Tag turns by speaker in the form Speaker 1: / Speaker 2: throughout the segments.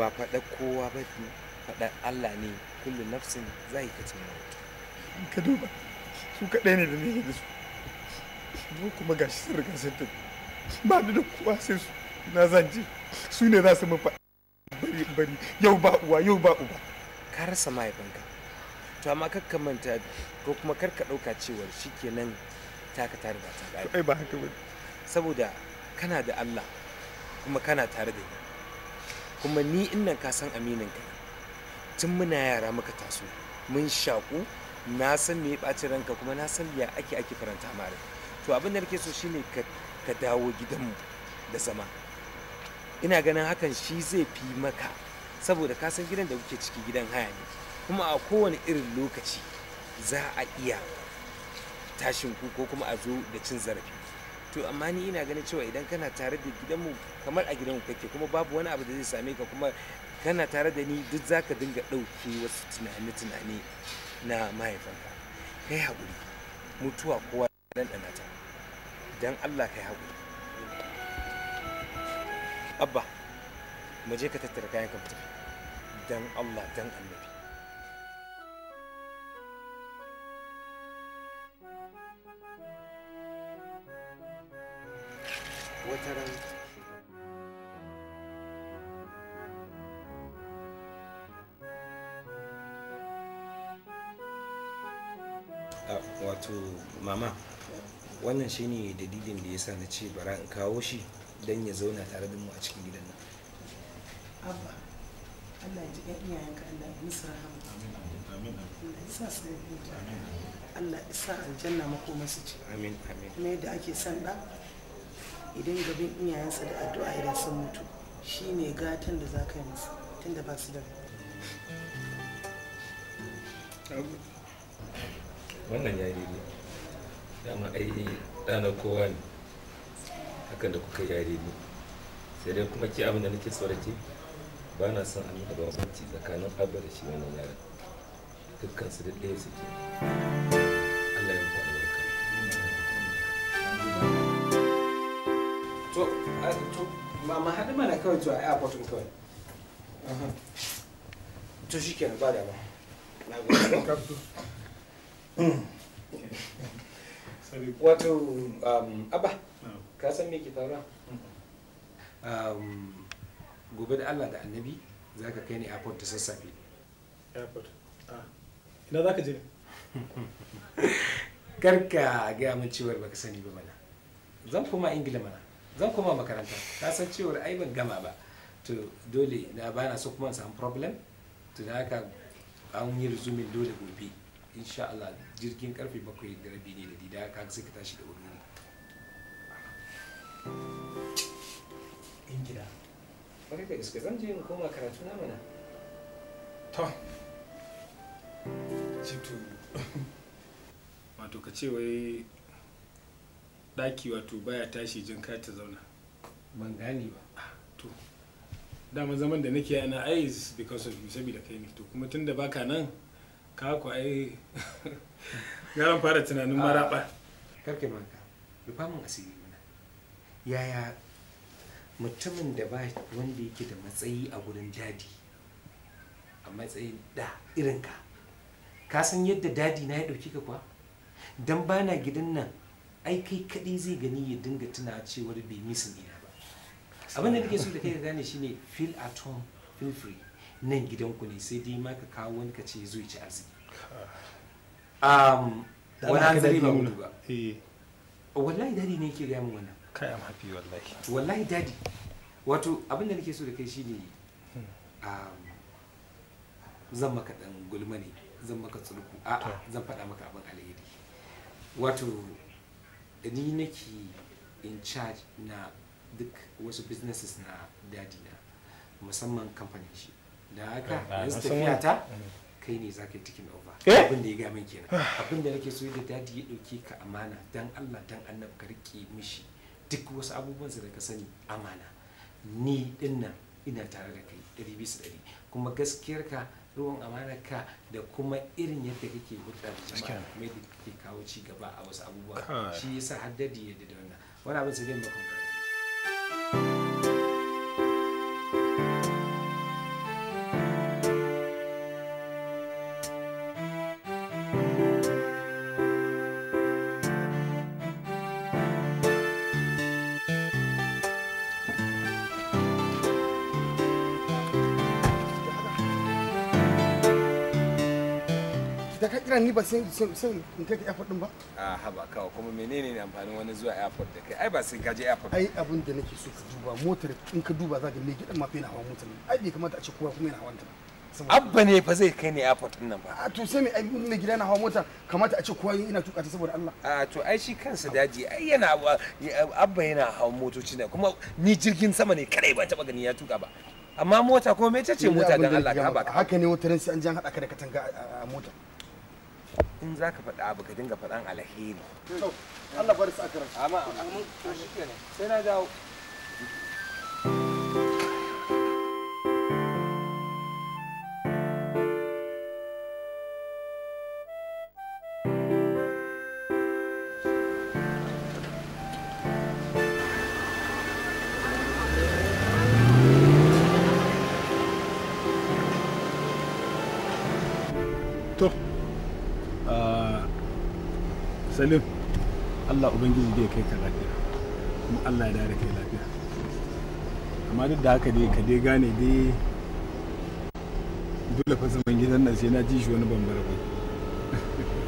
Speaker 1: ba faɗa kowa ba ne faɗa Allah ne kullum nafsin zai kace mawut ka
Speaker 2: duba
Speaker 3: su kaɗai ne da nake da su mu kuma ga shi riga sun tafi ba ni da kowa sai su na zanje su ne za su mun faɗa bari bari yau ba uwa
Speaker 1: yau ba uba ka rasa mahaifinka to amma kakka manta ko kuma kar ka ɗauka cewar shikenan taka ta riga ta ba haka ba saboda kana da Allah kuma kana tare da ni kuma ni innan ka san aminin ka tun muna yara muka taso mun shaku na san me ya ranka kuma na san ya ake ake faranta mare to abin da nake so shine ka ka dawo gidanmu da zama ina ganin hakan shi zai fi maka saboda ka san gidan da kuke ciki gidan haya ne kuma a kowane irin lokaci za a iya tashin ku ko kuma a zo da cin zarafi to amma ni ina ganin cewa idan kana tare da gidanmu kamar a gidanmu kake kuma babu wani abu da zai same ka kuma kana tare da ni duk za ka dinga ɗauke wasu tunane-tunane na mahaifanka kai haƙuri mutuwa kowa dan ta, don allah kai haƙuri abba mu je ka tattara kayan ka don allah don allah wata ran ah, wato mama wannan shine dalilin da ya sa na ce bara in kawo shi don ya zauna tare da mu a cikin gidan nan
Speaker 4: abba Allah ya ji ga ka Allah ya musu rahama amin Allah ya sa su amin Allah ya sa aljanna makomarsu ce amin amin me da ake son da idan gabin iyayensa da addu'a idan sun mutu shi ne gatan da za ka yi musu tun da ba su da
Speaker 1: wannan ya yi daidai dama ai ɗana kowa ne hakan da kuka ya ne sai dai kuma ke abin da nake so da ke ba na son an nuna bambanci tsakanin abba da shi wannan yaran dukkan su da ɗaya suke amma haɗin mana kawai zuwa airport kawai to shi kenan ba da ba hmm. wato um, abba ka san me ke faruwa um, gobe da allah da annabi za ka kai ni airport da sassafe
Speaker 3: airport ah.
Speaker 1: ina za ka je karka gaya min cewar baka sani ba mana zan koma ingila mana zan koma makaranta ta san cewar ai ban gama ba to dole na bana so kuma samu problem to da haka an yi rizumin dole gobe insha Allah jirgin karfe bakwai da rabi ne da dida ka sai ka tashi da wuri in gida bari da gaske zan je in koma karatu na mana to citu
Speaker 3: wato ka ce wai ɗaki wato baya tashi jin ka ta zauna ban gane ba ah, to dama zaman da nake ana ai is because of you sabida kai ne to kuma tunda baka nan ka ku ai garan fara
Speaker 1: tunanin ah, maraba karke manka rufa mun asiri mana yaya mutumin da ba wanda yake da matsayi a gurin dadi a matsayin da irinka ka san yadda dadi na ya ɗauki ka kwa dan bana gidan nan ai kai kaɗai zai gani ya dinga tuna cewar bai misin ina
Speaker 5: ba abin da ke so da kai ka
Speaker 1: gane shine feel at home feel free nan gidanku ne sai dai ma ka kawo wani ka ce zo ya ci arziki um wani hanzari ba mutu ba eh. wallahi dadi ne yake gaya min wannan kai am happy wallahi wallahi dadi wato abin da nake so da kai shine hmm. um zan maka dan gulma ne zan maka tsulku a'a zan faɗa maka abin alheri wato ni nake in charge na duk wasu businesses na dadi na musamman kamfanin shi da haka yanzu tafiya ta mm. kai ne za ka yi tikin over eh? abin da ya gamin kenan ah. abin da nake so da dadi ya ɗauke ka amana dan allah dan annab ka rike mishi duk wasu abubuwan da ka sani amana ni dinnan ina tare da kai ɗari bisa ɗari kuma gaskiyar ka ruwan amanarka da kuma irin yadda kake hulɗar da jama'a mai da kake kawo ci gaba a wasu abubuwa shi yasa haddadi yadda da wannan wani abin sai dai makon
Speaker 2: kira ni ba sai in kai ka airport din
Speaker 1: ba a haba kawo kuma menene ne amfanin wani zuwa airport da kai ai ba sai ka je airport ai abin da nake
Speaker 2: so ka duba motar in ka duba zaka me gidan ma fa hawa motar ai bai kamata a ce kowa kuma yana hawan ta
Speaker 1: abba ne fa zai kai ne airport din nan ba
Speaker 2: a to sai ai mai gida na hawa mota kamata a ce kowa yana tuka
Speaker 1: ta saboda Allah a to ai shi kansa daji ai yana abba yana hawa motoci ne kuma ni jirgin sama ne kadai ba taba gani ya tuka ba amma mota kuma me ce mota dan Allah ka ba
Speaker 2: haka ne wutarin sai an jan hada ka da katanga a mota
Speaker 1: in za ka faɗa abu ka dinga faɗan alheri Allah bari su akara amma amma. sai na dawo
Speaker 3: salim allah ubangiji zai kai ka lafiya kuma allah ya dare kai lafiya amma duk da haka dai ka dai gane dai dole fa zaman gidan nan sai na ji shi wani bambara ba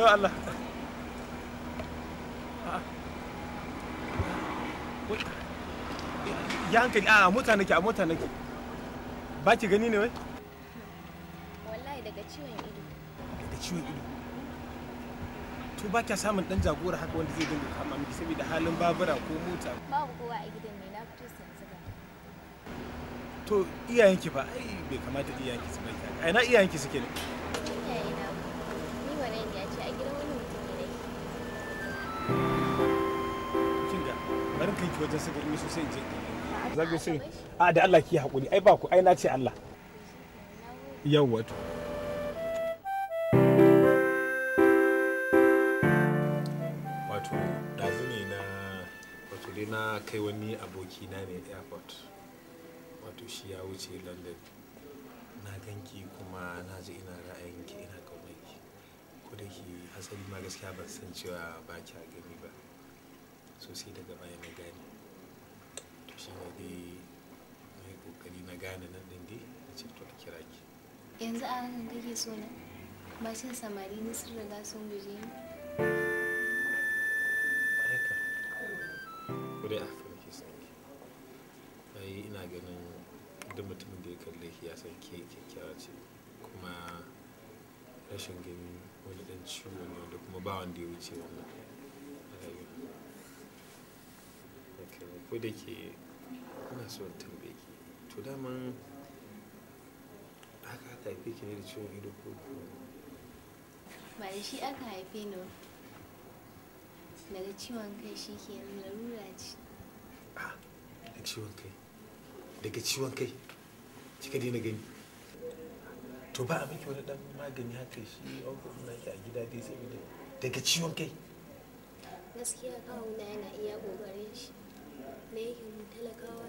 Speaker 3: ya Allah ya hankali a mota ke a mota nake ba ki gani ne wai
Speaker 6: wallahi daga ciwon ido
Speaker 3: daga ciwon ido to ba kya samun dan jagora haka wanda zai dinga kama miki saboda halin babura ko mota
Speaker 6: babu kowa a gidan ne na fito san zuba
Speaker 3: to iyayenki ba ai bai kamata iyayenki su bai ai na iyayenki suke ne kai ki wajen je sai a da Allah ki hakuri ai ba ku ai na ce Allah yawwa to wato dazu ne na wato dai na kai wani aboki na ne airport wato shi ya wuce London na ganki kuma na ji ina ra'ayinki ina kaunaki ko da ke hasali ma gaskiya ban san cewa ba kya gani ba sosai daga baya na gane to shi ne dai mai kokari na gane nan din dai na ce to a kira ki
Speaker 6: yanzu a nan kake so na bashin samari ne sun riga sun guje ni aika
Speaker 3: ko dai a farki san ki ai ina ganin duk mutumin da ya kalle ki ya san ke kyakkyawa ce kuma rashin gani wani dan ciwo ne da kuma ba wanda ya wuce wannan kai ko da ke kuna so tambaye ki to dama aka aka haife ki ne da ciwon ido ko ko
Speaker 6: ba da shi aka haife ni daga ciwon kai shi ke larura ce
Speaker 3: a daga ciwon kai daga ciwon kai kika dina gani to ba a miki wani dan magani haka shi uncle na ki a gida dai sai daga ciwon kai
Speaker 6: gaskiya kawo na yana iya kokarin shi na yi talakawa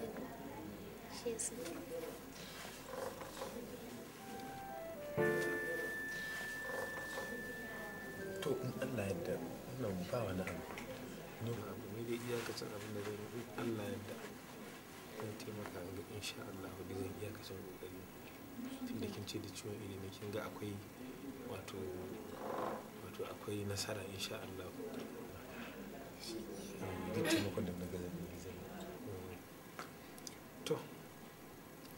Speaker 3: to allah yadda ba wani abu ne ba abu ne iyakacin abin da zai in allah yadda zan taimaka ga insha allah da zan iyakacin kokari tun da kin ce da ciwon ilimi kin ga akwai wato wato akwai nasara insha allah
Speaker 5: eh, duk taimakon da na gaza
Speaker 3: to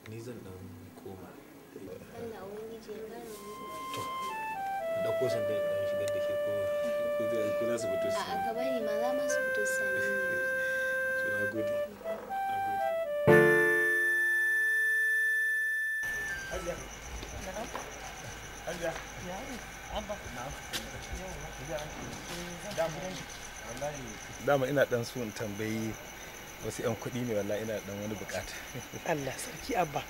Speaker 3: ni zan dan koma wani to da ko san da dan shigar da ke ko ko zai ko za su fito su a
Speaker 6: ka bari ma za ma su fito su ne
Speaker 3: to na gode Hajiya. Dama ina ɗan so in tambayi wasu yan kuɗi ne wallahi ina dan wani bukata Allah sarki abba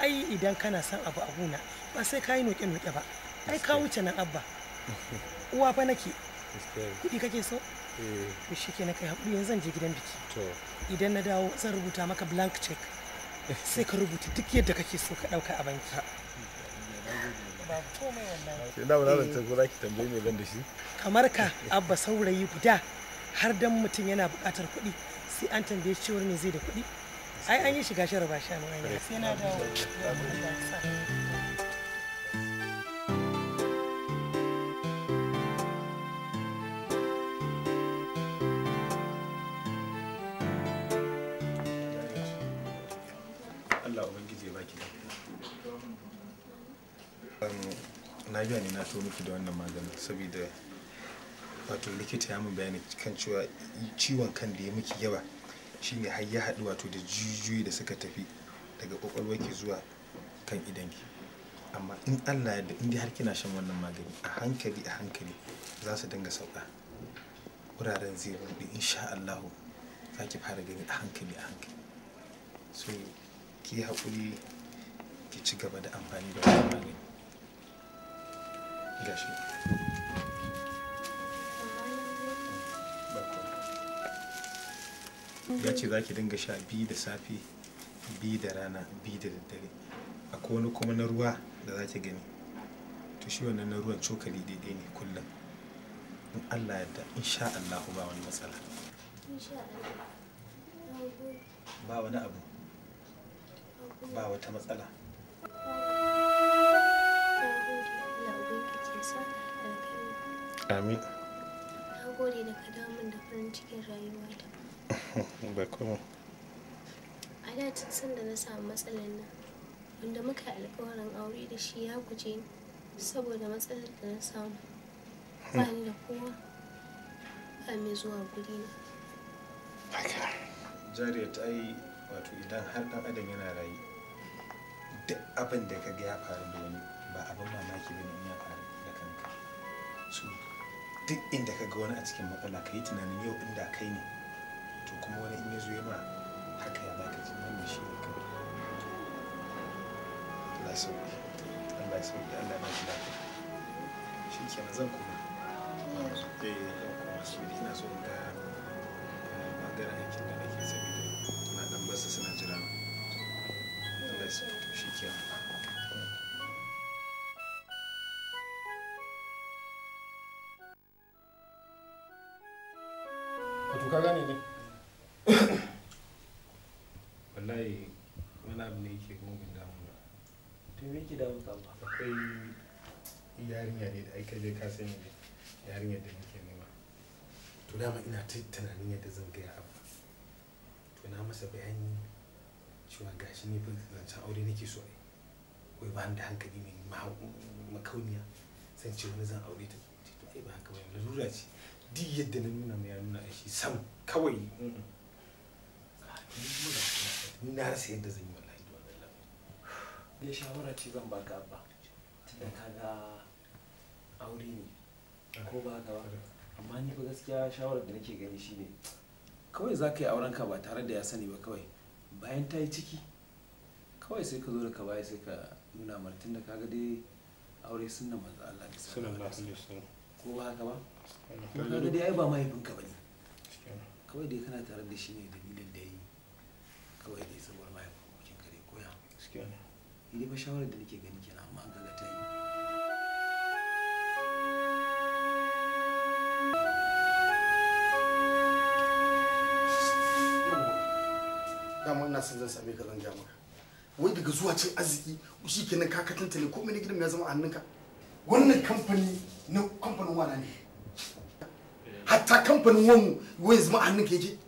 Speaker 3: ai idan
Speaker 4: kana son abu a huna ba sai ka yi noke noke ba ai ka wuce nan abba uwa fa nake kuɗi kake so eh. to shi ke na kai haƙuri yanzu zan je gidan biki idan na dawo zan rubuta maka blank check sai ka rubuta duk yadda kake so ka ɗauka a banki ina
Speaker 3: eh. za ki tambaye ban da shi
Speaker 4: kamar ka abba saurayi guda har dan mutum yana buƙatar kuɗi sai an tambaye shi cewar zai da kuɗi ai an yi shiga shara ba sha mai sai na da
Speaker 3: na biya ne na so miki da wannan maganin saboda wato likita ya mun bayani kan cewa ciwon kan da ya miki yawa shine har ya haɗu wato da jijiyoyi da suka tafi daga ke zuwa kan idanki amma in allah yadda in har kina shan wannan magani a hankali a hankali za su dinga sauka wuraren zai buɗe insha allahu za ki fara gani a hankali a hankali so ki haƙuri ki ci gaba da amfani da wannan magani gashi ya ce za ki dinga sha biyu da safe biyu da rana biyu da daddare a wani kuma na ruwa da za ki gani to shi wannan na ruwan cokali daidai ne kullum in allah yadda sha allahu ba wani matsala ba wani abu ba wata matsala amin
Speaker 6: na gode da ka damun da farin cikin rayuwata
Speaker 3: ba
Speaker 5: kuma
Speaker 6: a da tun sanda na samu matsalar nan wanda muka yi alkawarin aure da shi ya guje ni saboda matsalar da na samu hmm. ba ni da kowa ba mai zuwa guri na
Speaker 3: jariya ta yi wato idan har dan adam yana rayu duk abin da ka ga ya faru da wani ba abin mamaki bane in ya faru da kanka su duk inda ka ga wani a cikin matsala ka yi tunanin yau inda kai ne to kuma wani in ya zo ma haka ya zaka ji wannan shi ne kawai Allah sauki Allah ya sauki Allah ya shi lafiya shi kenan zan koma eh zan koma su ina so in ga bangaren eh, aikin da nake da na dan basu suna jira
Speaker 5: Allah ya sauki shi kenan
Speaker 3: to ka gane ne wallahi wani abu ne yake mugun damuna to me ke damu ka akwai yarinya ne da aka je ka sani ne yarinya da nake nema to dama ina ta tunanin yadda zan gaya abu to na masa bayani cewa gashi ne fa zancen aure nake so ai wai ba da hankali ne makauniya san ce wani zan aure ta to ai ba haka ba lalura ce duk yadda na nuna mai ya nuna shi sam kawai ni na rasa yadda zan yi wallahi da wannan lamarin ya shawara
Speaker 1: ce zan baka abba tunda ka ga aure ne ko ba ka ba amma ni ba gaskiya shawarar da nake gani shine kawai za ka yi auren ka ba tare da ya sani ba kawai bayan ta yi ciki kawai sai ka zo da ka baya sai ka nuna mara tunda ga dai aure sun sunna manzo Allah da sallallahu alaihi wasallam ko ba haka ba ka ga dai ai ba mahaifinka ba ne. kawai dai kana tare da shi ne dalilin
Speaker 3: kawai dai saboda mahaifin kokin kare koya gaskiya ne idan ba shawarar da
Speaker 5: nake gani kenan amma an ga ta
Speaker 2: yi dama na son zan same ka zan ja maka wai daga zuwa cin arziki shi kenan ka ka tantale ko mene gidan ya zama a hannunka wannan kamfani na kamfanin wana ne hatta kamfanin wanmu wai zama a hannunka yake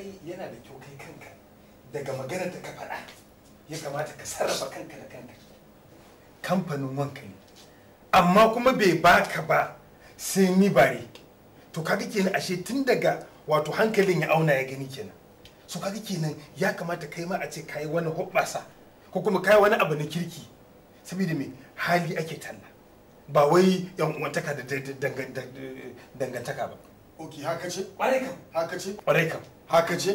Speaker 3: ai yana da kyau kai kanka daga maganar da ka faɗa ya kamata ka sarrafa kanka da kanka kamfanin wanka ne amma kuma bai baka ba sai ni bare to kaga kenan ashe tun daga wato hankalin ya auna ya gani kenan so kaga kenan ya kamata kai ma a ce kai wani hobbasa ko kuma kai wani abu na kirki saboda me hali ake talla ba wai yan uwantaka da dangantaka ba ok haka ce ƙwarai kam haka ce ƙwarai kam haka ce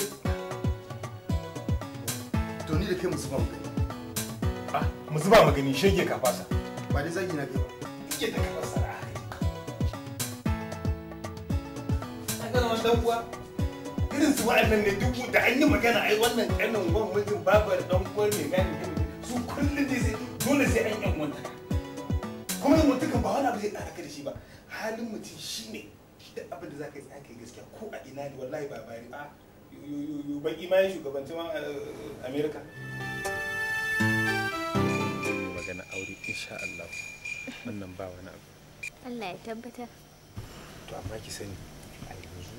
Speaker 2: to da kai mu zuba mu gani ah mu zuba mu gani shege ka fasa ba dai zagi na kai ba kike da ka fasa
Speaker 3: a ga wannan dan uwa irin su wa'annan ne duk da an yi magana ai wannan kanin gwan mijin babar dan uwar mai gani su kullum ne sai dole sai an yan wanta kuma yin wantakan ba wani abu zai tsara ka da shi ba halin mutum shine duk abin da za ka yi tsaka gaskiya ko a ina ne wallahi ba bari baki ma ya shugabanci ma eh, amerika magana aure insha Allah wannan ba wani abu
Speaker 6: Allah ya tabbatar
Speaker 3: to amma ki sani a yanzu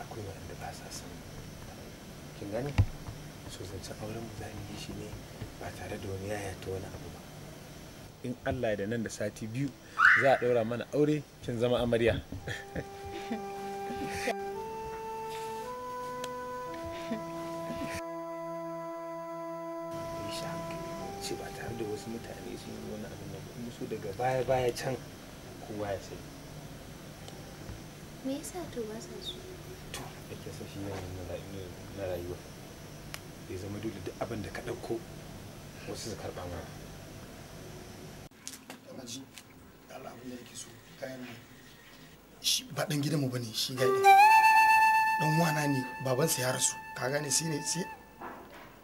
Speaker 3: akwai waɗanda ba sa sani kin gani so zancen auren mu za mu yi shi ne ba tare da wani yaya ta wani abu ba in Allah da nan da sati biyu za a ɗaura mana aure kin zama amarya ce ba tare da wasu mutane sun yi wani abin da kuma su daga baya baya can kowa ya sai
Speaker 6: me yasa to ba sa su
Speaker 3: to ake son shi yanayin na rayuwa bai zama dole duk abin da ka ɗauko wasu su karɓa mana alhaji Allah abin kayan
Speaker 2: shi ba dan gidanmu bane shi ga ɗan wana ne babansa ya rasu ka gane shi ne sai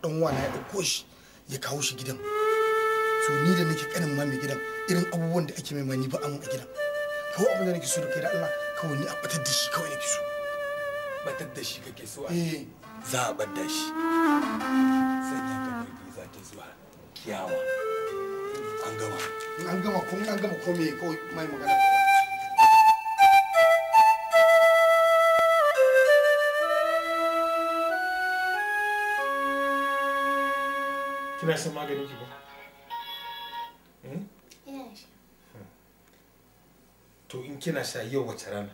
Speaker 2: ɗan wana ya ɗauko shi ya kawo shi gidan to ni da nake kanin ma mai gidan irin abubuwan da ake mai ni ba amma a gidan ko abin da nake so da kai da Allah kawai ni a batar da shi kawai nake so batar da shi kake so eh za a bar da shi sai ka kai za ta zuwa kiyawa an gama an gama kuma an gama ko me kawai mai magana
Speaker 3: kina son maganin ki ba kina sha yau wace rana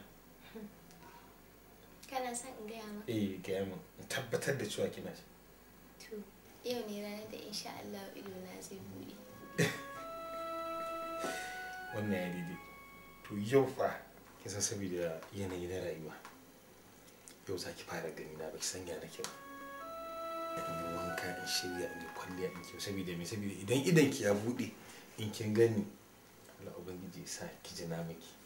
Speaker 6: kana san in gaya maka
Speaker 3: eh gaya ma in tabbatar da cewa kina sha
Speaker 6: to yau ne ranar da insha Allah ido na zai bude
Speaker 3: wannan ya daidai to yau fa kin san saboda yanayi na rayuwa yau zaki fara gani na baki ki sanya nake ba in yi wanka in shirya in yi kwalliya in kyau saboda me saboda idan idan ki ya bude in kin gani Allah ubangiji ya sa ki jina na miki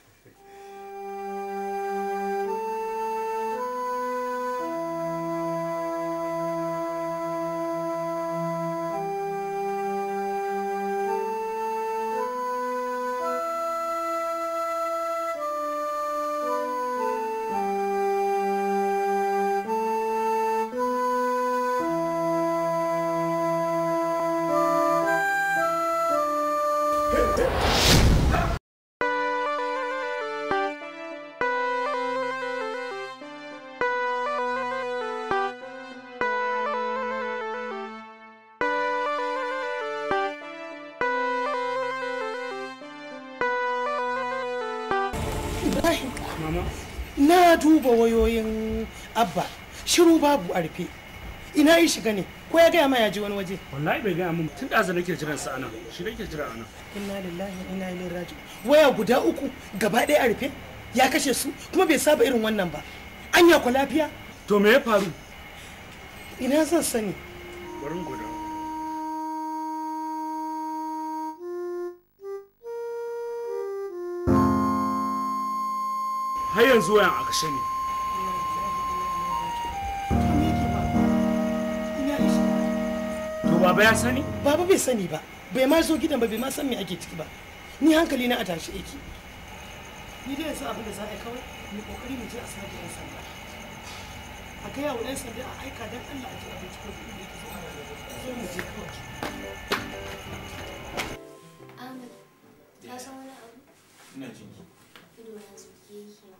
Speaker 4: na duba wayoyin abba shiru babu a rufe ina yi shiga ne ko ya gaya ma ya je wani waje wallahi bai gaya mun tun ɗazu nake jiran sa anan shi nake jira ana. inna lillahi inna ilaihi raji waya guda uku gaba ɗaya a rufe ya kashe su kuma bai saba irin wannan ba anya ku lafiya to me ya faru ina zan sani
Speaker 2: barin guda
Speaker 1: har yanzu wayan a kashe ne
Speaker 4: to baba ya sani baba bai sani ba bai ma zo gidan ba bai ma san me ake ciki ba ni hankali na a tashi yake ni dai yanzu abin da za a yi kawai mu kokari mu je a sake yan sanda a kai wa yan sanda a aika dan Allah a ji abin cikin kuɗi da ke zuwa a zo mu je kawai Ahmad
Speaker 6: ka san wani abu ina jinki ido na zuke yake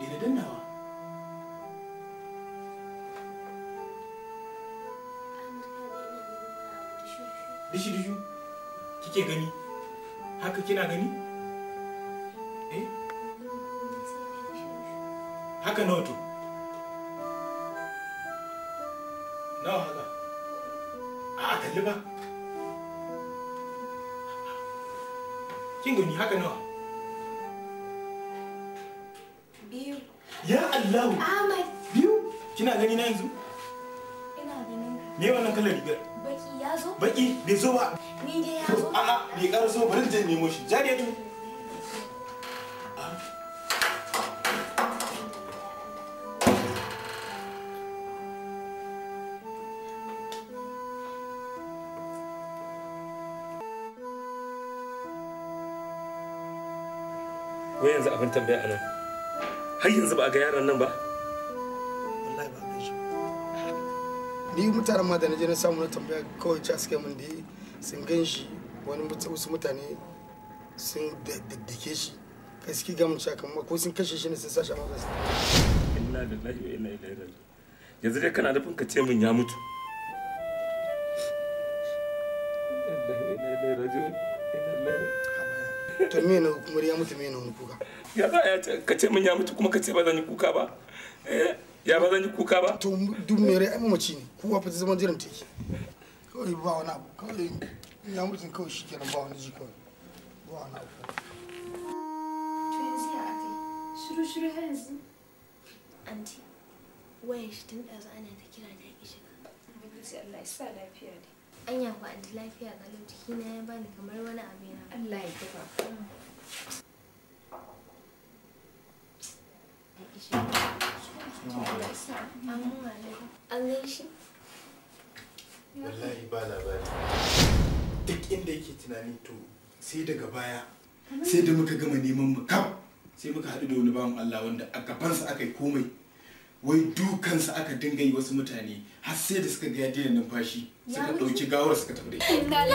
Speaker 3: daina dannawa dishi dishi kike gani haka kina gani eh haka nawa to nawa haka a kalli ba kin gani haka nawa ya Allahu
Speaker 6: Ahmad biyu
Speaker 3: kina gani na yanzu ina gani. me wannan kalar rigar
Speaker 6: baki ya zo baki bai zo ba ni dai ya zo a'a
Speaker 3: bai ƙara so bari je nemo shi
Speaker 6: tu. Ah.
Speaker 1: wai yanzu abin tambaya anan har yanzu ba a ga yaran nan ba wallahi ba a shi
Speaker 2: ni mutanen ma da na je na samu na tambaya kawai ci suka min da sun gan shi wani wasu mutane sun daddake shi kai suke gamun cewa kamar ko sun kashe shi ne sun sashi a madarsa
Speaker 3: inna lillahi wa inna ilaihi raji'un yanzu dai kana nufin ka ce min ya mutu
Speaker 2: me na kuma ya mutu wani kuka
Speaker 1: ya za ya ka ce min ya mutu kuma ka ce ba zan yi kuka ba eh, ya ba zan yi kuka ba to
Speaker 2: duk me rai mamaci ne kowa fa zaman jiran take kawai ba wani abu kawai ya mutu kawai shikenan ba wani ji kawai ba wani
Speaker 7: abu shiru shiru har yanzu
Speaker 6: anti wayan shi tun ɗazu ana ta kira da ya ƙi shiga Allah ya sa lafiya dai anya ku an lafiya ga jiki na ya bani kamar wani abu na Allah
Speaker 5: ya wallahi ba labari duk inda yake tunani to sai daga baya sai da muka gama neman mu kam sai muka haɗu
Speaker 3: da wani bawan Allah wanda a gabansa aka yi komai wai dukansa aka dinga yi wasu mutane har sai da suka ga yadda numfashi suka ɗauki gawar suka tafi
Speaker 5: da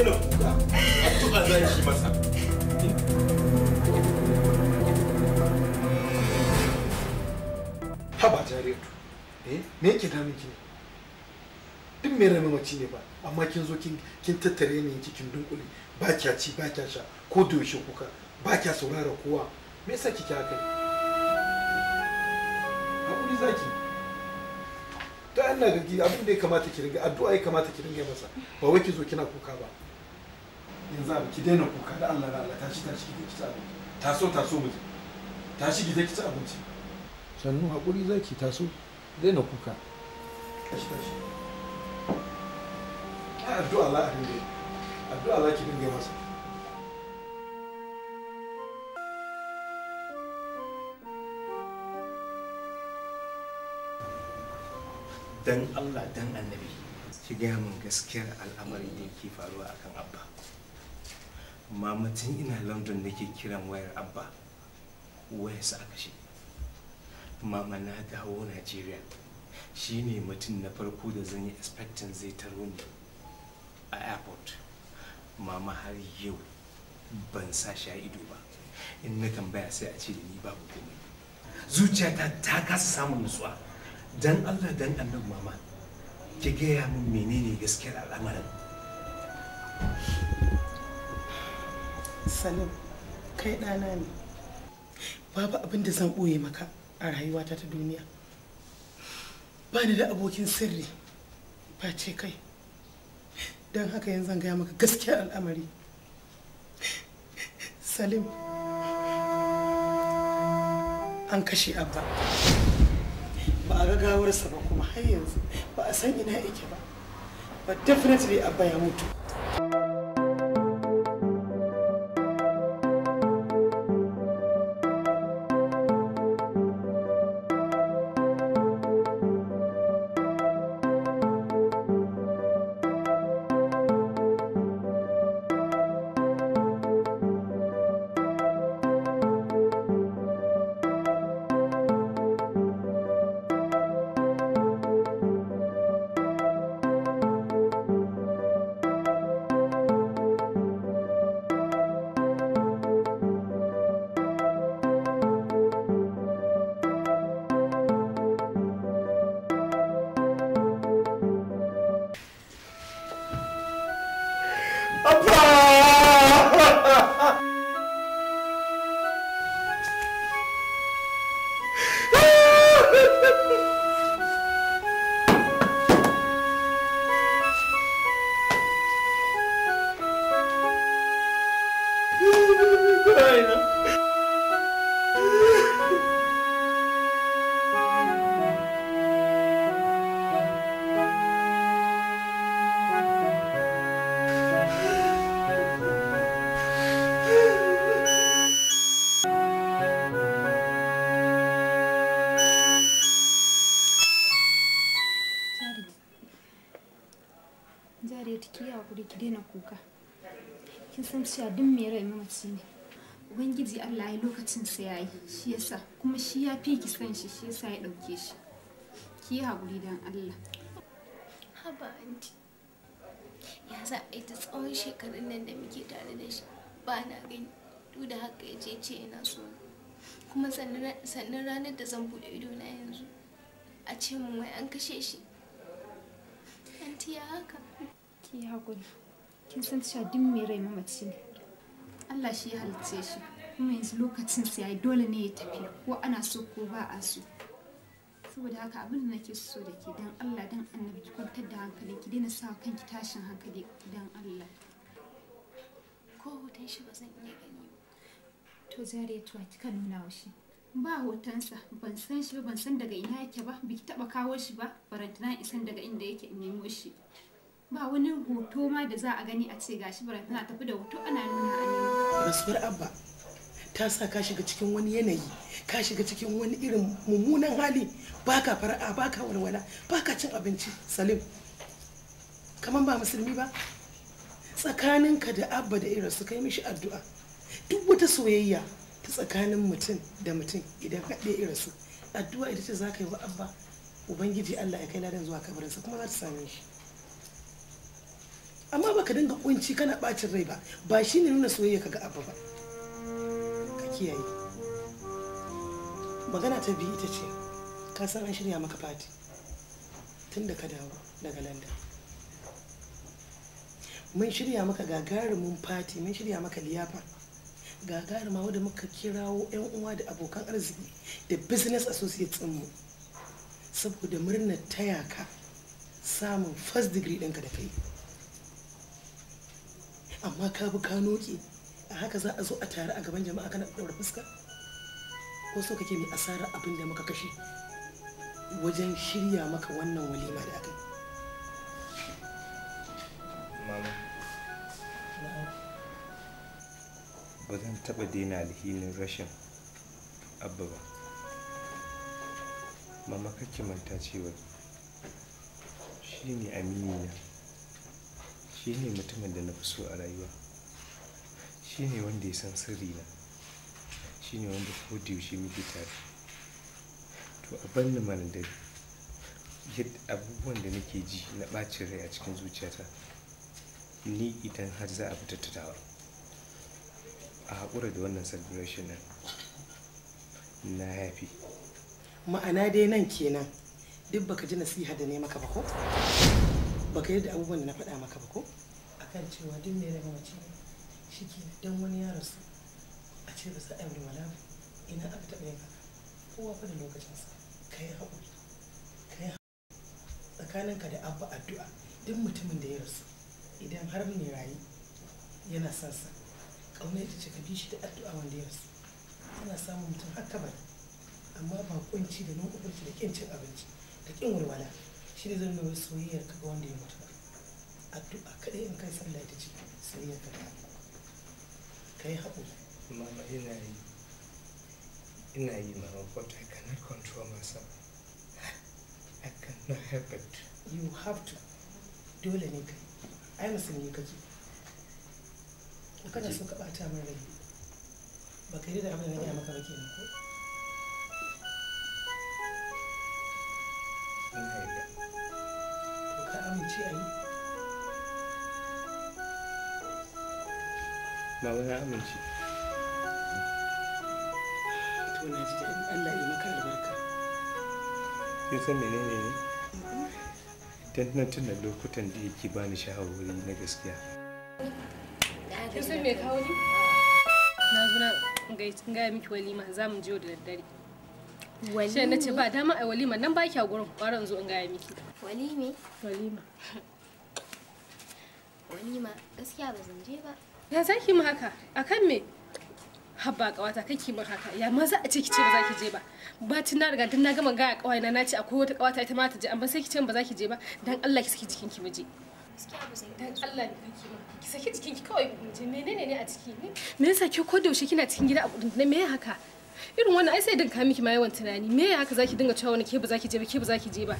Speaker 1: Ina kuka, tuka zai shi masa.
Speaker 2: ba haba jariyatu eh me yake damun ki ne duk me ramin mace ne ba amma kin zo kin kin tattare ne ki kin dunkule ba kya ci ba kya sha ko da yaushe
Speaker 3: kuka ba kya saurara kowa me yasa kike haka ne hakuri zaki ta Allah ga abin da ya kamata ki ringa addu'a ya kamata ki ringa masa ba wai ki zo kina kuka ba yanzu abu ki daina kuka da Allah da Allah tashi tashi ki ci abinci taso taso mu tashi ki ci abinci sannu haƙuri ki taso daina kuka kashi kashi addu'a addu'a dinga masa
Speaker 1: dan Allah dan annabi ki gaya min gaskiyar al'amarin da yake faruwa akan abba mamatin ina london nake kiran wayar abba wayarsa a kashe mama na dawo najeriya shine mutum na farko da zan yi expecting zai taro ni a airport mama har yau ban sa sha ido ba in na tambaya sai a ce da ni babu komai zuciyata ta kasa samun nutsuwa dan allah dan annabi mama ki gaya min menene
Speaker 3: gaskiyar al'amarin
Speaker 4: salim kai ɗana ne babu abin da zan ɓoye maka a rayuwata ta duniya ba ni da abokin sirri ce kai don haka yanzu gaya maka gaskiya al'amari salim an kashe abba ba a gagawarsa ba kuma har yanzu ba a san ina yake ba but definitely abba ya mutu
Speaker 7: cewa duk mai rai mamaci ne ubangiji allah ya lokacin sa yayi shi yasa kuma shi ya fi ki san shi shi yasa ya dauke shi ki yi haƙuri allah haba anti
Speaker 6: ya za a yi ta tsawon shekarun nan da muke tare da shi ba na gani duk da haka ya je ce yana so kuma sannan ranar da zan buɗe ido na
Speaker 7: yanzu a ce mun wai an kashe shi anti ya haka ki haƙuri kin san cewa duk mai rai mamaci ne Allah shi ya halitta shi kuma yanzu lokacin sa yayi dole ne ya tafi ko ana so ko ba a so saboda haka abin da nake so da ke dan Allah dan annabi ki kwantar da hankali ki daina sa kanki tashin hankali dan Allah
Speaker 6: ko hoton shi ba zan iya gani
Speaker 7: to zare a cikin nuna shi ba hotonsa ban san shi ba ban san daga ina yake ba biki taba kawo shi ba barantana isan daga inda yake in nemo shi ba wani hoto ma da za a gani a ce gashi bara tana tafi da hoto ana nuna
Speaker 8: a rasuwar
Speaker 4: abba ta sa ka shiga cikin wani yanayi ka shiga cikin wani irin mummunan hali baka fara'a baka walwala baka cin abinci salim kamar ba musulmi ba tsakaninka da abba da irin su kai mishi addu'a duk wata soyayya ta tsakanin mutum da mutum idan haɗe irin su addu'a ita ce za ka yi wa abba ubangiji allah ya kai ladan zuwa kabarinsa kuma za ta same shi amma baka dinga kunci kana bacin rai ba ba shi ne nuna soyayya kaga abu ba ka kiyaye magana ta biyu ita ce ka san an shirya maka fati tun da ka dawo daga london mun shirya maka gagarumin fati mun shirya maka liyafa gagaruma wadda muka kirawo 'yan uwa da abokan arziki da business associates mu saboda murnar taya ka samun first degree ɗinka da kai amma ka bi ka noke a haka za a zo a tare a gaban jama'a kana ɗaura fuska ko so kake mai asarar abin da muka kashe wajen shirya maka wannan walima da aka
Speaker 1: mama ba zan taɓa daina alhinin rashin abba ba mama kake manta cewa shi ne amini shi ne mutumin da na fi so a rayuwa shi ne wanda ya san sirrina shi ne wanda da yaushe muke tare to a da mana da abubuwan da nake ji na ɓacin rai a cikin zuciyata ni idan har za a fita tattawa a haƙura da wannan celebration nan na yafi
Speaker 4: ma'ana dai nan kenan duk baka ji nasiha da ne maka ba ko baka yadda abubuwan da na faɗa maka ba ko a kan cewa duk mai daga mace shi ke don wani ya rasu a ce ba sa a yi wala ina aka taɓa yin haka kowa fa da lokacinsa ka yi haƙuri ka yi haƙuri. tsakaninka da abba addu'a duk mutumin da ya rasu idan har mai rayu yana son sa ƙaunar ita ce ka bi shi da addu'a wanda ya rasu ana samun mutum har kabari amma ba kunci da nuna da kyancin abinci da kin walwala shi ne zai nuna soyayyar ka ga wanda ya mutu addu'a kaɗai in kai sallah ta ce soyayyar ka da ka yi haƙuri
Speaker 1: mama ina yi ina yi mama but I cannot control myself I cannot help it you have to dole ne kai
Speaker 4: ai musulmi ka kake kana so ka ɓata min rai
Speaker 9: ba ka yi da abin da na gaya maka
Speaker 4: ba kenan ko Allah ya to ka amince a yi na amince to na ji daɗi Allah ya maka albarka
Speaker 1: kin san ne tantantar da lokutan da yake bani shawarwari na gaskiya
Speaker 8: na zo na gaya miki walima za mu je da daddare Walima, Shi na ce ba dama ai walima nan ba kya gurin kwaran zo in gaya miki. Walime? Walima.
Speaker 6: Walima gaskiya ba zan je ba.
Speaker 8: Ya za ki mu haka? a kan me? Habba ƙawata kawata kake min haka. Ya ma za a ce ki ce ba za ki je ba. Ba tun na riga tun na gama gaya kawai na na ce akwai wata ƙawata ita ma ta je amma sai ki ce ba za ki je ba dan Allah ki saki jikin ki muje. Dan Allah ne kake min. Ki saki jikin ki kawai muje menene ne a ciki ne? Me yasa ki ko da yaushe kina cikin gida a kudin me haka? irin wannan ai sai ka miki ma yawan tunani me ya haka zaki dinga cewa wani ke ba zaki je ba ke ba zaki je ba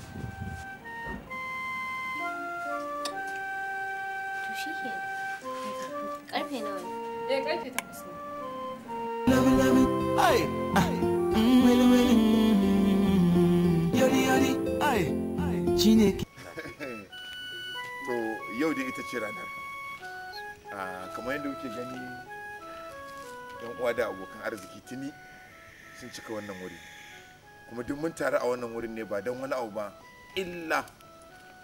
Speaker 5: to
Speaker 3: yau dai ita ce ranar ah, kamar yadda kuke gani uwa da abokan arziki tuni sun cika wannan wuri kuma duk mun tare a wannan wurin ne ba don wani abu ba illa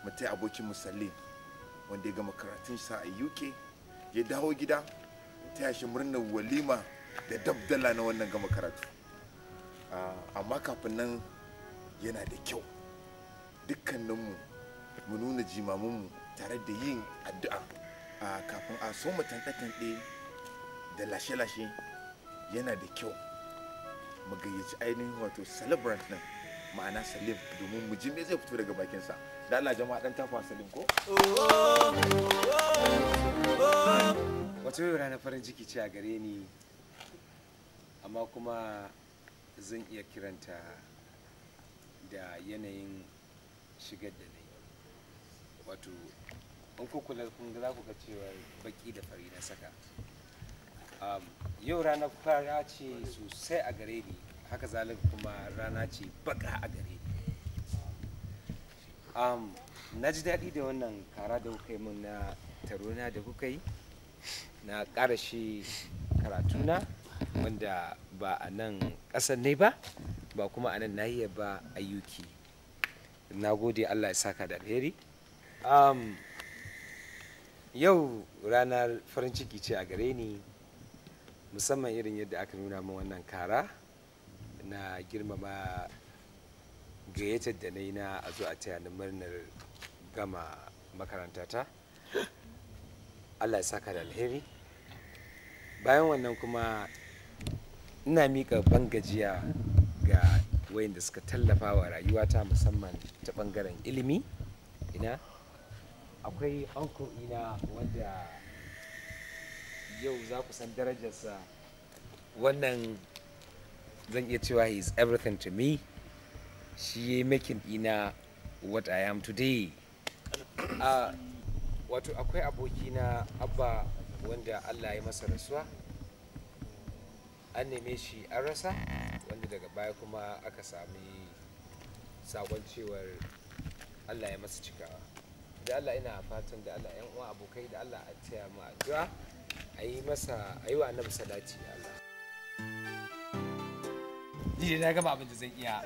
Speaker 3: mutai abokin musallin wanda ya gama karatun sa a uk ya dawo gida ta yashi murnar walima da dabdala na wannan gama karatu ah, amma kafin nan yana da kyau dukkaninmu mu nuna jimaminmu tare da yin addu'a ah, kafin a so mu tantatan da lashe-lashe yana da kyau mu gayyaci ainihin wato celebrant nan ma'ana salim domin mu ji me zai fito daga bakinsa da Allah jama'a dan tafa salim ko
Speaker 1: wato yau ranar farin ciki ce a gare ni amma kuma zan iya kiranta da yanayin shigar da na wato an kukula kun za ku ga cewa baki da fari na saka Um, yau ranar fara ce sosai a gare ni haka zalik kuma rana ce baka a gare ni um, na ji daɗi da wannan kara da kuka yi min na tarona da kuka yi na ƙarashe karatuna wanda ba a nan ƙasar ne ba ba kuma a nan nahiyar ba a uk na gode allah ya saka da alheri um, yau ranar farin ciki ce a gare ni musamman irin yadda aka nuna min wannan kara na girmama gayyatar da na yi na a zo a taya ni murnar gama makarantata allah ya saka da alheri bayan wannan kuma ina miƙa bangajiya ga wayanda suka tallafa wa rayuwata musamman ta bangaren ilimi ina akwai anko ina wanda yau za ku san darajarsa wannan zan iya cewa he is everything to me shi ya makin ina what I am today wato akwai abokina abba wanda Allah ya masa rasuwa an neme shi an rasa wanda daga baya kuma aka sami sakon cewar Allah ya masa cikawa da Allah ina fatan da Allah yan uwa abokai da Allah a taya mu addu'a a yi masa a wa annabi salati Allah ni na gama abin da zan iya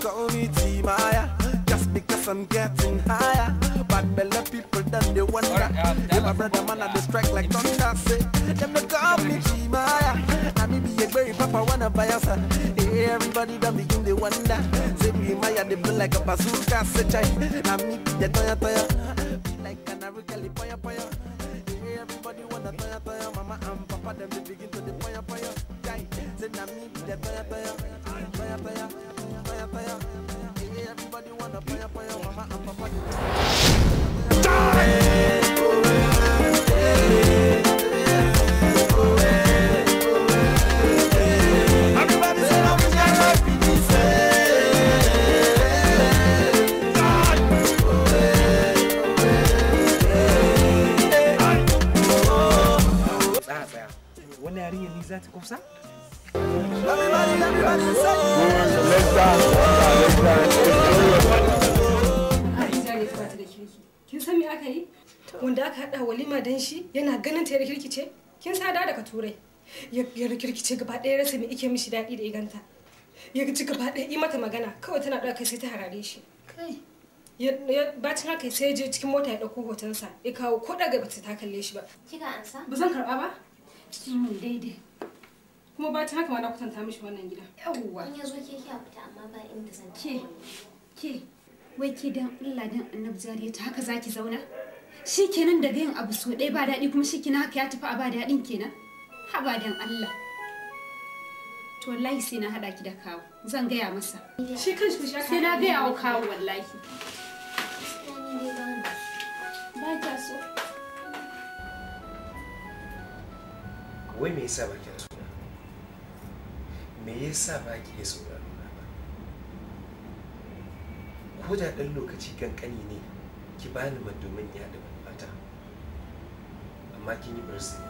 Speaker 3: community maya just because I'm getting higher but bella people then they wonder if my brother man at the strike like thunder say them the community maya I mean be a very papa wanna buy us eh, everybody that begin they wonder say we maya they blow like a bazooka say chai na me the toya toya like an arugale poya poya Papa them they begin to the fire fire. Guy, send a me with the fire fire, fire fire, fire fire. Yeah, everybody wanna fire fire. Mama and Papa.
Speaker 5: Die! yarinyar ni za ta kusa?
Speaker 8: Kin san me aka yi? Wanda aka haɗa walima dan shi yana ganin ta kirki ce? Kin sa da daga turai. Ya kirkice gaba ɗaya rasa me ike mishi daɗi da iganta. Ya ci gaba ɗaya yi mata magana kawai tana ɗaga sai ta harare shi. Kai. bacin haka sai je cikin mota ya ɗauko hotonsa ya kawo ko daga bata ta kalle shi ba.
Speaker 6: Kika ansa? Ba zan karɓa
Speaker 8: ba. sun daidai kuma ba ta haka ma na kwatanta mishi wannan gida yawwa in
Speaker 6: ya zo ke a fita amma
Speaker 7: ba inda zan ke ke wai ke dan Allah dan annabi jariya ta haka zaki zauna shi shikenan daga yin abu so ɗaya ba daɗi kuma shi shikenan haka ya tafi a ba daɗin kenan haba dan Allah to wallahi sai na haɗa ki da kawo zan gaya masa
Speaker 8: shi kan shi sai na gaya wa kawo
Speaker 7: wallahi
Speaker 1: wai me yasa baki kya suna me yasa baki ya sauraro na ba ko da ɗan lokaci kankani ne ki bani madomin ya da bata amma kin yi birthday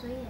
Speaker 1: soyayya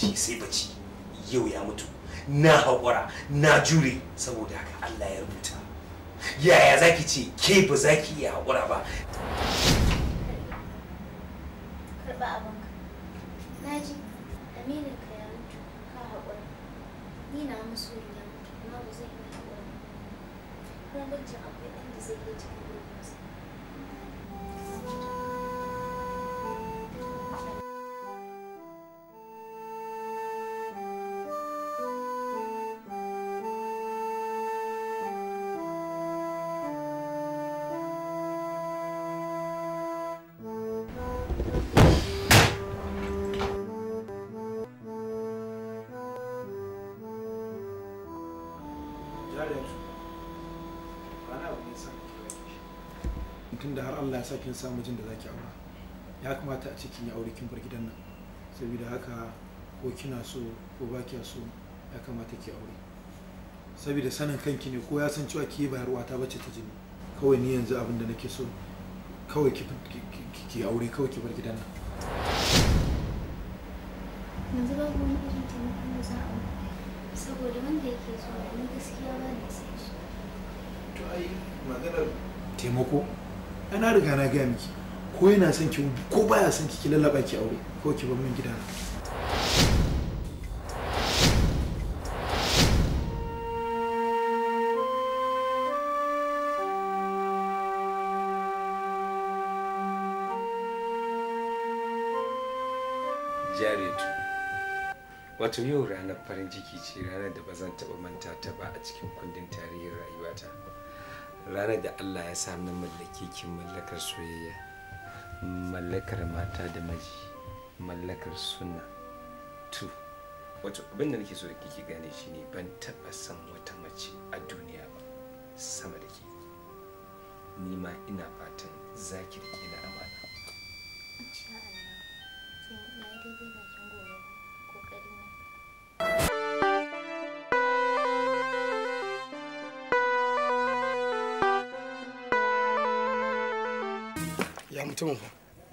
Speaker 1: da shi sai bacci yau ya mutu na haƙura na jure saboda haka Allah ya rubuta yaya zaki ce ke ba za ki iya haƙura ba
Speaker 6: karɓa na ji aminin ya mutu ka haƙura ni na musu ya mutu amma ba zai iya haƙura ba kuma bincin akwai
Speaker 5: ɗan da zai iya cikin gurbinsa
Speaker 3: da har Allah ya sa kin samu jin da zaki aura ya kamata a ce kin yi aure kin bar gidan nan saboda haka ko kina so ko ba kiya so ya kamata ki aure saboda sanin kanki ne ko ya san cewa ki bayarwa ta bace ta jini kawai ni yanzu abin da nake so kawai ki ki aure kawai ki bar gidan nan yanzu babu wani irin taimakon da za a saboda wanda yake zuwa ne gaskiya ba na sai shi to ai maganar taimako ana riga na gaya miki ko yana son ki ko baya son ki lallaba ki aure ko ki bar min gida
Speaker 1: Jared, wato yau ranar farin ciki ce ranar da ba zan taɓa manta ta ba a cikin kundin tarihin rayuwata. ranar da Allah ya sa na mallake ki mallakar soyayya mallakar mata da maji mallakar suna tu wato abinda nake so da kike gane shine ban taba san wata mace a duniya ba sama da ke ni ma ina fatan za ki rike na amana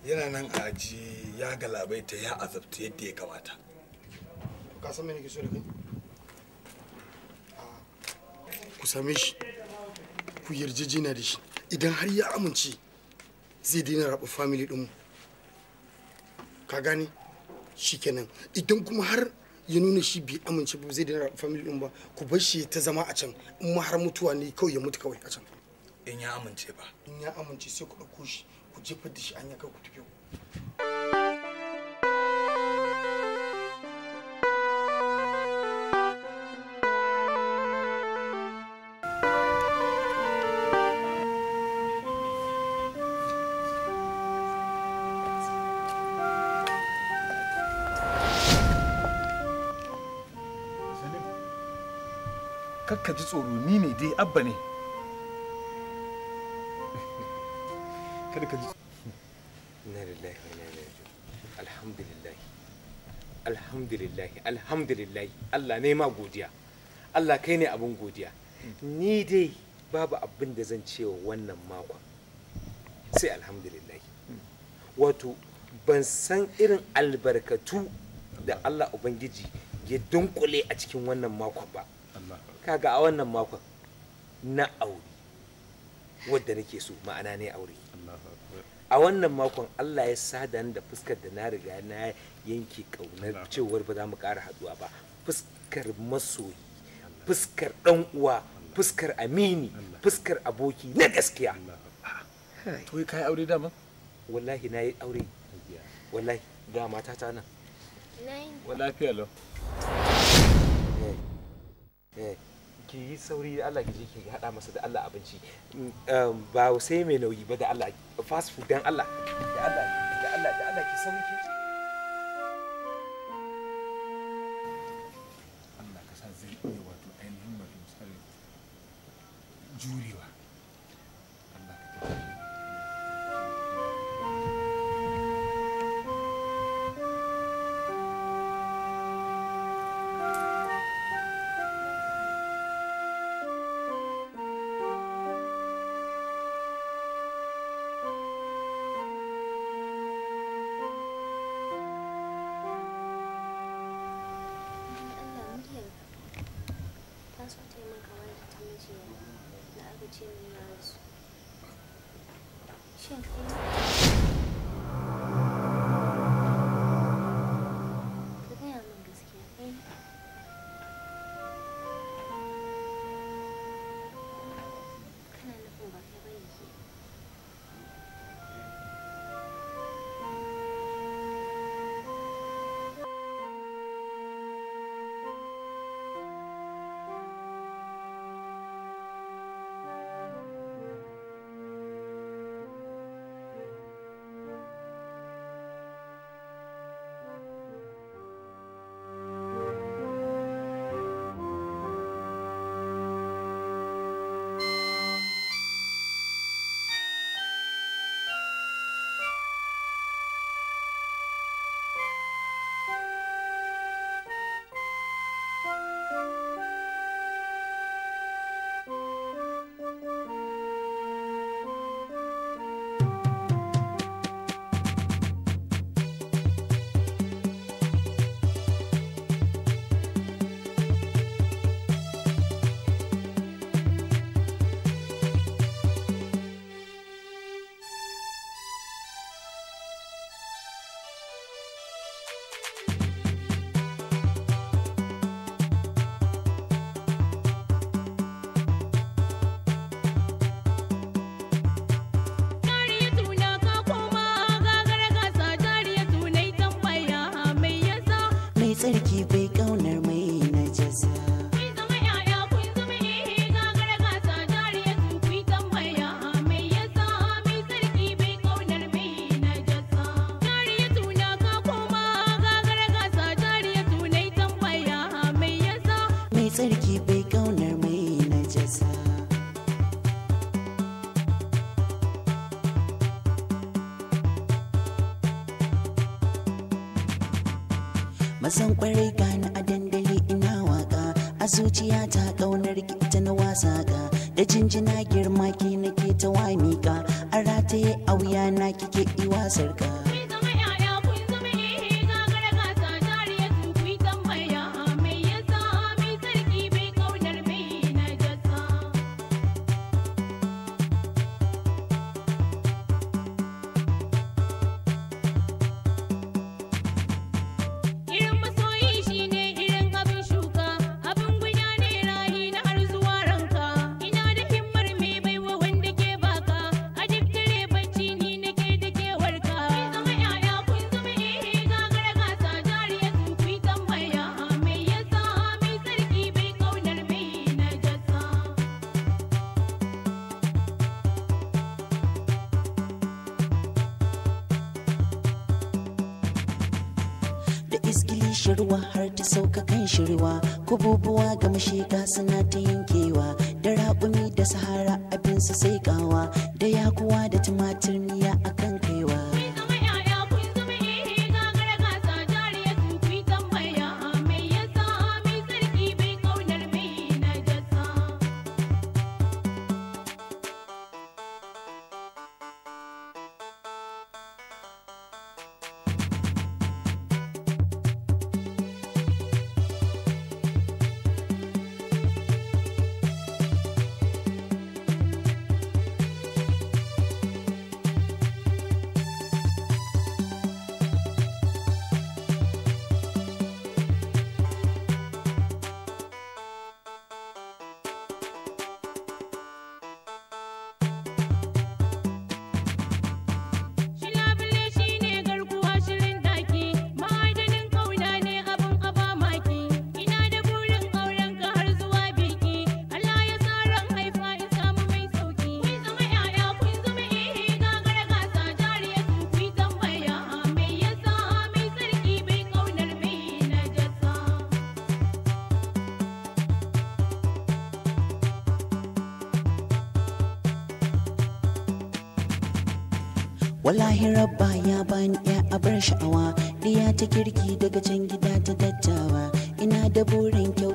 Speaker 3: yana nan a aji ya galabai ta ya azabta yadda ya kamata
Speaker 2: ka san me nake so da kai ku same shi ku yarjejina da shi idan har ya amince zai daina rabu family mu ka gane shikenan idan kuma har ya nuna shi bai amince ba zai daina rabu family din ba ku bar shi ta zama a can in ma har mutuwa ne kawai ya mutu kawai a can in ya amince ba in ya amince sai ku dauko shi ku jefar da shi anya kar ku tafi
Speaker 3: kakka ji tsoro ni ne dai abba ne kada ka ji
Speaker 1: inna lillahi wa inna ilaihi raji'un alhamdulillah alhamdulillah alhamdulillah Allah ne ma godiya Allah kai ne abin godiya ni dai babu abin da zan ce wannan makon sai alhamdulillah wato ban san irin albarkatu da Allah Ubangiji ya dunkule a cikin wannan makon ba kaga a wannan makon na aure wadda nake so ma'ana ne aure a wannan makon Allah ya sada da fuskar da na riga na yanke kaunar cewar ba za mu ƙara haduwa ba fuskar masoyi fuskar dan uwa fuskar amini fuskar aboki na gaskiya to kai aure ma wallahi nayi aure wallahi ga mata ta nan wallahi lo eh eh ki yi sauri da Allah ki je ki hada masa da Allah abinci ba sai mai nauyi ba da Allah fast food dan Allah da Allah da Allah da Allah ki
Speaker 5: sauri ki
Speaker 6: Тебе не нравится.
Speaker 9: zuciya ta ƙaunar kita na wasa ga da jinjina girma ki nake ta wa miƙa a rataye a wuya na kike iwasar ka ka kan shirwa kububuwa ga mashiga suna ta yankewa da raƙumi da sahara su sai ka lahira ba ya bani ya abar sha'awa ɗiya ta kirki daga can gida ta dattawa ina da burin kyau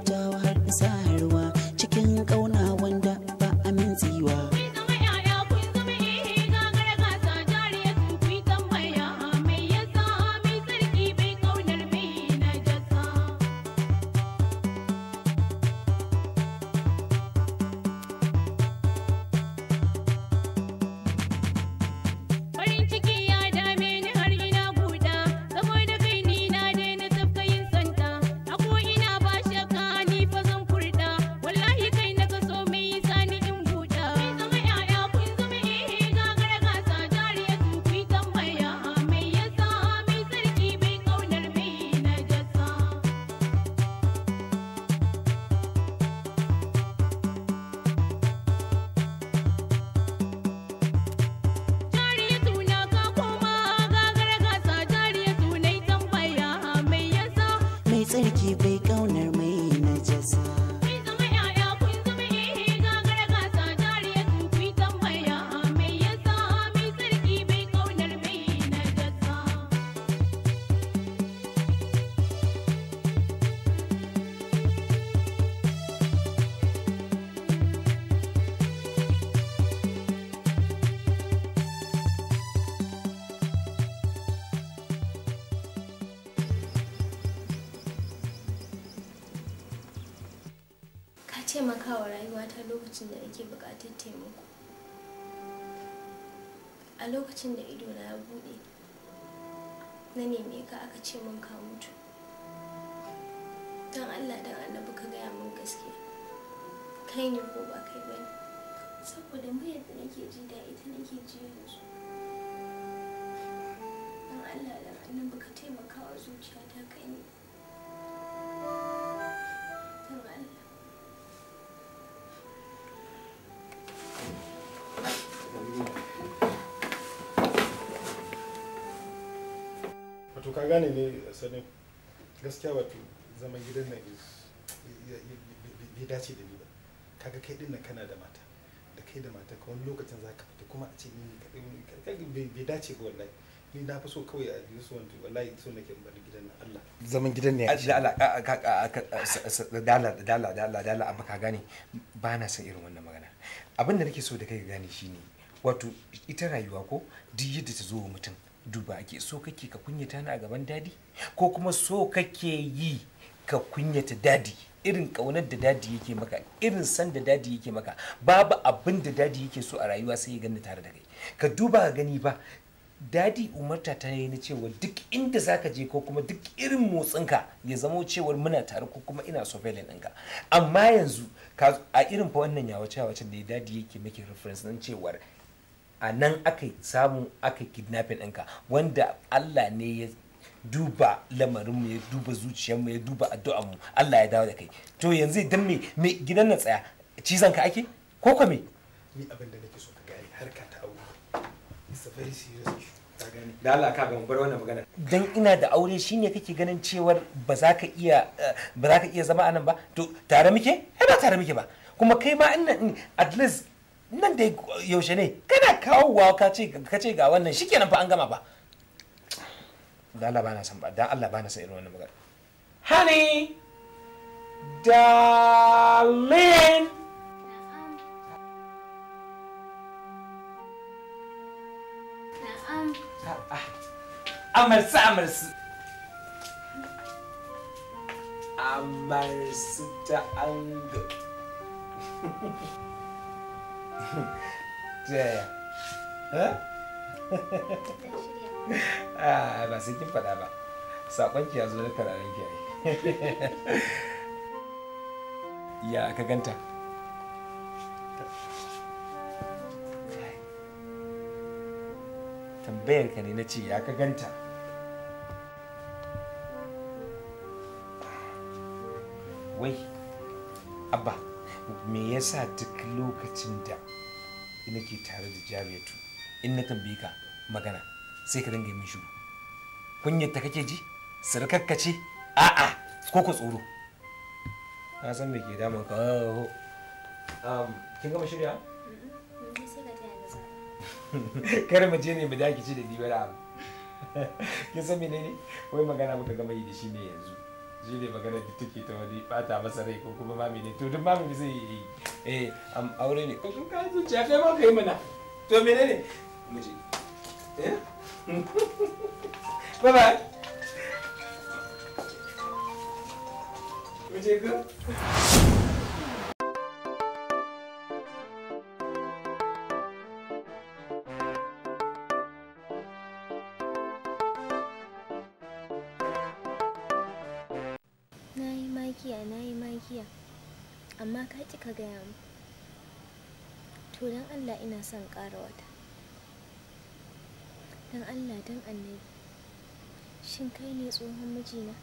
Speaker 6: lokacin da nake buƙatar taimako a lokacin da ido na ya buɗe na neme ka aka ce min ka mutu don allah don annabi ka gaya min gaskiya kai ne ko ba kai ba ne saboda muryar yadda nake ji da ita nake ji yanzu don allah don annabi ka taimaka wa ta kai ne
Speaker 3: gane ne sanin gaskiya wato zaman gidan nan bai dace da ni ba kaga kai din nan kana da mata da kai da mata ka wani lokacin za ka fita kuma a ce ni kaɗai bai dace ga wallahi ni na fi so kawai a yi su wanda wallahi so nake bari gidan nan Allah
Speaker 1: zaman gidan ne da Allah dala dala dala dala amma ka gane ba na son irin wannan magana abin da nake so da kai gane shine wato ita rayuwa ko duk yadda ta zo wa mutum duba ake so kake ka kunyata ni a gaban dadi ko kuma so kake yi ka kunyata dadi irin kaunar da dadi yake maka irin san da dadi yake maka babu abin da dadi yake so a rayuwa sai ya ganni tare da kai ka duba ka gani ba dadi umarta ta yi na cewa duk inda zaka je ko kuma duk irin motsinka ya zamo cewar muna tare ko kuma ina so surveilling ɗinka amma yanzu a irin fa wannan yawace-yawacen da dadi yake maki reference nan cewar a nan aka samu aka kidnapping ɗinka wanda Allah ne ya duba lamarinmu ya duba zuciyarmu ya duba addu'armu Allah ya dawo da kai to yanzu idan me me gidan na tsaya cizon ka ake ko ko me ni abin da nake so ka gane harka ta aure it's a very serious issue da Allah ka gama bar wannan magana dan ina da aure shine kake ganin cewar ba za ka iya eh, ba za ka iya zama anan ba to tare muke eh ba tare muke ba kuma kai ma in at least nan da yaushe ne kana kawo wa ka ce ga wannan shi kenan fa an gama ba da Allah bana san ba da Allah bana san irin wannan magana honey
Speaker 10: darling
Speaker 1: amarsu amarsu amarsu ta
Speaker 5: ango ta
Speaker 1: yaya ba sai kin faɗa ba saƙonki ya zo da fararen ki ya ka ganta tambayar ka ne na ce ya ka ganta wai abba me yasa duk lokacin da nake tare da jami'atu in na tambaye ka magana sai ka dinga yi min shiru kunyar ta kake ji sirkakka ce a'a ko ku tsoro na san me ke damun ka um kin gama shirya
Speaker 6: mm-hmm.
Speaker 1: Mm-hmm, kar mu je ne mu daki ci da ni wani abu kin san menene wai magana muka gama yi da shi ne yanzu shi ne magana da take ta wani bata masa rai ko kuma mami ne to duk mami zai yi eh am aure ne kun ka zuciya kai ma kai mana to menene miji eh bye
Speaker 5: miji ko
Speaker 6: fara wata don allah don annabi
Speaker 5: shin kai ne tsohon mijina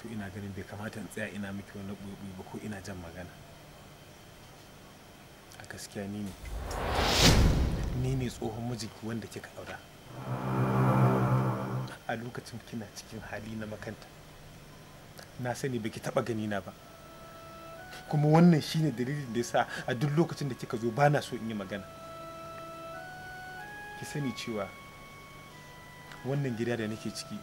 Speaker 3: to ina ganin bai kamata in tsaya ina miki wani ɓuɓɓu ba ko ina jan magana a gaskiya ni ne ni ne tsohon mijinki wanda kika daura a lokacin kina cikin hali na makanta na sani baki taba gani na ba kuma wannan shine dalilin da yasa a duk lokacin da kika zo ba na so in yi magana ki sani cewa wannan gida da nake ciki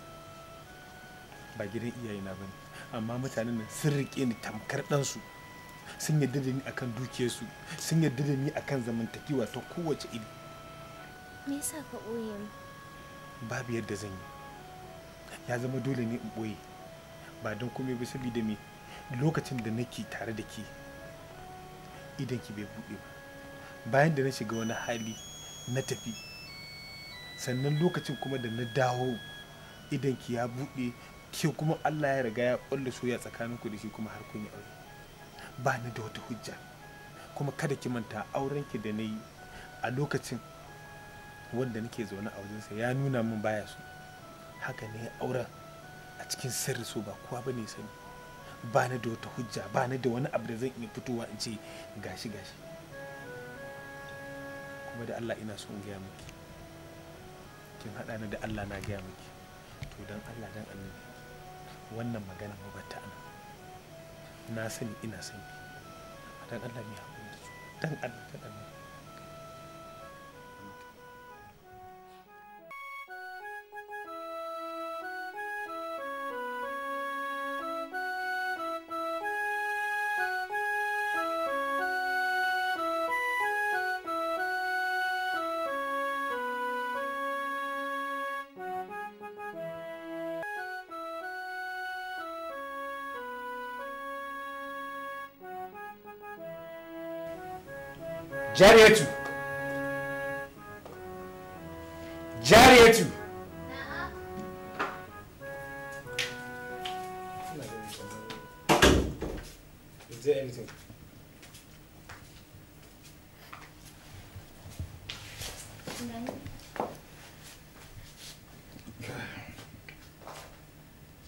Speaker 3: ba gidan iyayena ba ne amma mutanen nan sun riƙe ni tamkar ɗansu sun yarda da ni akan dukiyarsu sun yarda da ni akan zamantakewa ta kowace iri
Speaker 6: me yasa ka boye mu
Speaker 3: babu yadda zan yi ya zama dole ne in boye ba don komai ba saboda me lokacin da nake tare da ke idan ki bai buɗe ba bayan da na shiga wani hali na tafi sannan lokacin kuma da na dawo idan ki ya buɗe ke kuma Allah ya riga ya ƙulla soya tsakaninku da shi kuma har kun yi aure ba ni da wata hujja kuma kada ki manta auren ki da na yi a lokacin wanda nake zaune a wajensa ya nuna min baya su haka ne auren a cikin sirri so ba kowa ba ne sani ba ni da wata hujja ba ni da wani abu da zan iya fitowa in ce gashi gashi kuma da Allah ina son gaya miki kin haɗa ni da Allah na gaya miki to dan Allah dan annabi wannan magana ba ta na sani ina sani dan Allah mai haƙuri dan Allah dan Allah
Speaker 1: Jariyatu. Jariyatu. Is there anything?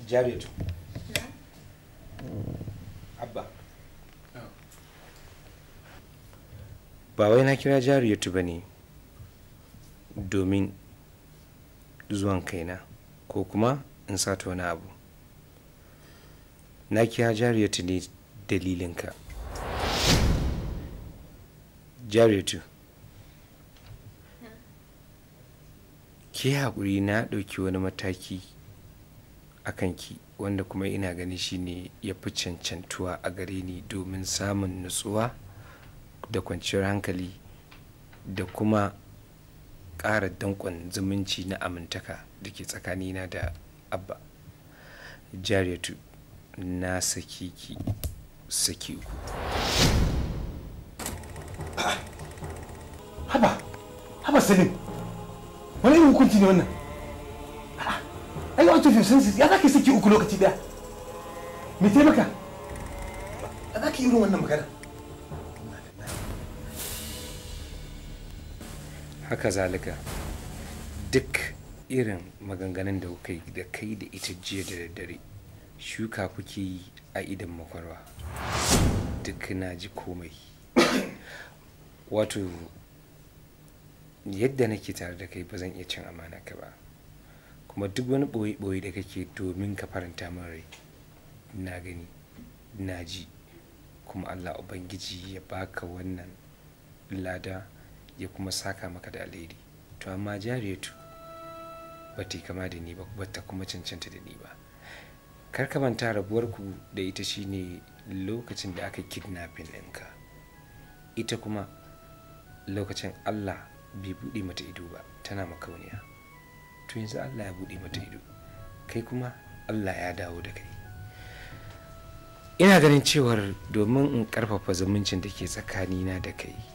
Speaker 1: Jariyatu. ba wai na kira jari ya ba ne domin zuwan kaina ko kuma in sata wani abu na kira jari jariyatu ne dalilinka jariyatu ke haƙuri na ɗauki wani mataki a kanki wanda kuma ina ganin shine ya fi cancantuwa a gare ni domin samun nutsuwa da kwanciyar hankali da kuma ƙara danƙon zumunci na amintaka da ke tsakanina da abba jariyatu na sakiki ki saki uku
Speaker 3: haba haba salim wani yi hukunci ne wannan ai wato fiyosansu ya za ka saki uku lokaci daya me taimaka za ka yi irin wannan magana
Speaker 1: haka zalika duk irin maganganun da kuka da kai da ita jiya da daddare shuka kuke yi a idan makwarwa duk na ji komai wato yadda nake tare da kai ba zan iya cin amana ka ba kuma duk wani ɓoye-ɓoye da kake domin ka faranta min rai na gani na ji kuma allah ubangiji ya baka wannan lada ya kuma saka maka da alheri to amma jariyatu ba ta kama da ni ba ba ta kuma cancanta da ni ba kar ka manta rabuwar ku da ita shine lokacin da aka kidnapping ɗinka ita kuma lokacin Allah bai buɗe mata ido ba tana makauniya to yanzu Allah ya buɗe mata ido kai kuma Allah ya dawo da kai ina ganin cewar domin in karfafa zumuncin da ke tsakanina da kai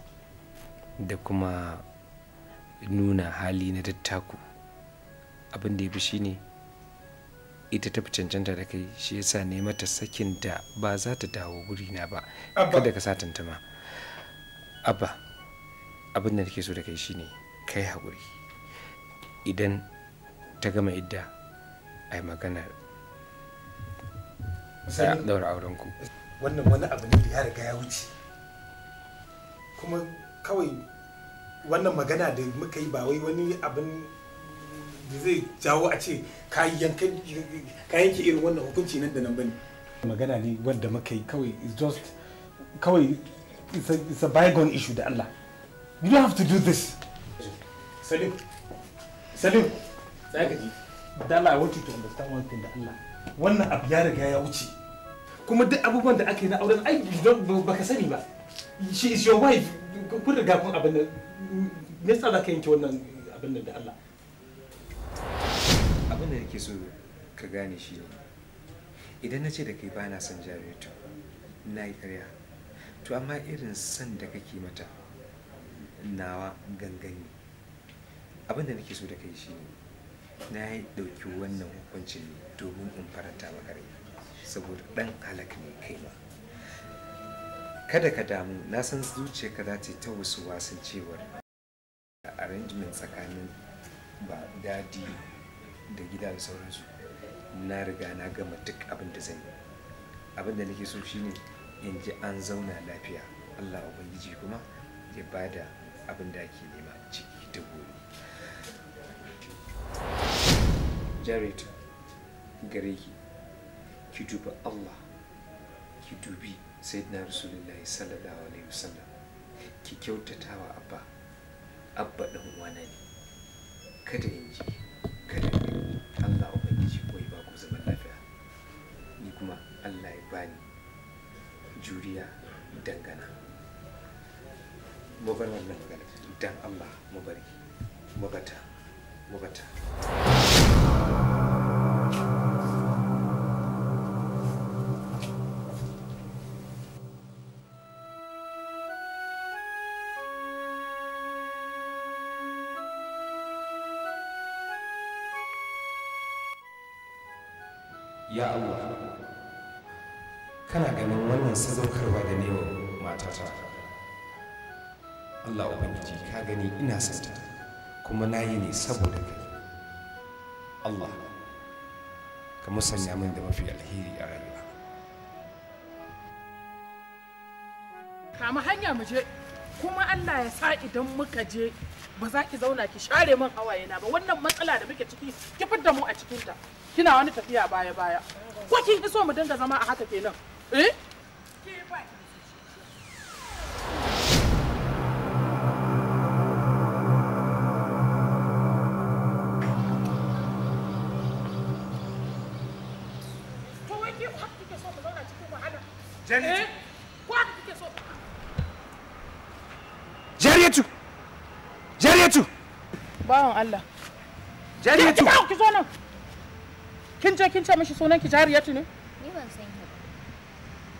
Speaker 1: da kuma nuna hali na dattaku abin da ya fi shine ita ta fi cancanta da kai shi yasa ne mata sakin da ba za ta dawo na ba kada ka sa tantama abba abin da nake so da kai shine kai haƙuri idan ta gama idda a yi magana ya daura aurenku wannan wani
Speaker 3: abu ne da ya riga ya wuce kuma kawai wannan magana da muka yi ba wai wani abin da zai jawo a ce kayan ke irin wannan hukunci nan da nan bane magana ne wanda muka yi kawai is just kawai it's a, it's a bygone issue da Allah you don't have to do this salim salim zaka ji dala i want you to understand one thing da Allah wannan abu ya riga ya wuce kuma duk abubuwan da ake na auren ai baka sani ba she is your wife kun riga kun abin nan me yasa za ka yanke wannan abin nan da Allah
Speaker 1: abin da yake so ka gane shi ne idan na ce da kai bana son jarirta na yi karya to amma irin son da kake mata nawa gangani abin da nake so da kai shi ne na yi ɗauki wannan hukuncin ne domin in faranta maka rai saboda ɗan halak ne kai ma kada ka damu na san zuciyarka za ta yi ta wasu wasan cewar arrangement tsakanin ba dadi da gida da sauransu na riga na gama duk abin da zan yi abin da nake so shine in ji an zauna lafiya allah ubangiji kuma ya bada abin da ake nema ciki da gobe jared gare ki ki duba allah ki dubi sai sayyidina rasulullahi sallallahu alaihi wasallam ki kyautata wa abba abba dan wana ne kada in ji kada in Allah ubangiji ko ba ku zaman lafiya ni kuma Allah ya bani juriya dangana mu bar wannan magana dan Allah
Speaker 5: mu bari mu bata mu bata
Speaker 1: ya Allah kana ganin wannan sadaukarwa da newa matata Allah ubangiji ka gani ina santa kuma na yi ne saboda kai Allah ka musanya min da mafi alheri a rayuwa
Speaker 10: kama hanya mu je kuma Allah ya sa idan muka je ba za ki zauna ki share man hawaye na ba wannan matsala da muke ciki ki fidda mu a cikin ta kina wani tafiya baya baya ko kin iso mu dinga zama a haka kenan eh Jenny. Eh? bawan Allah jariyatu ki ki zo nan kin je kin ce mishi sunan ki jariyatu ne ni ban san ki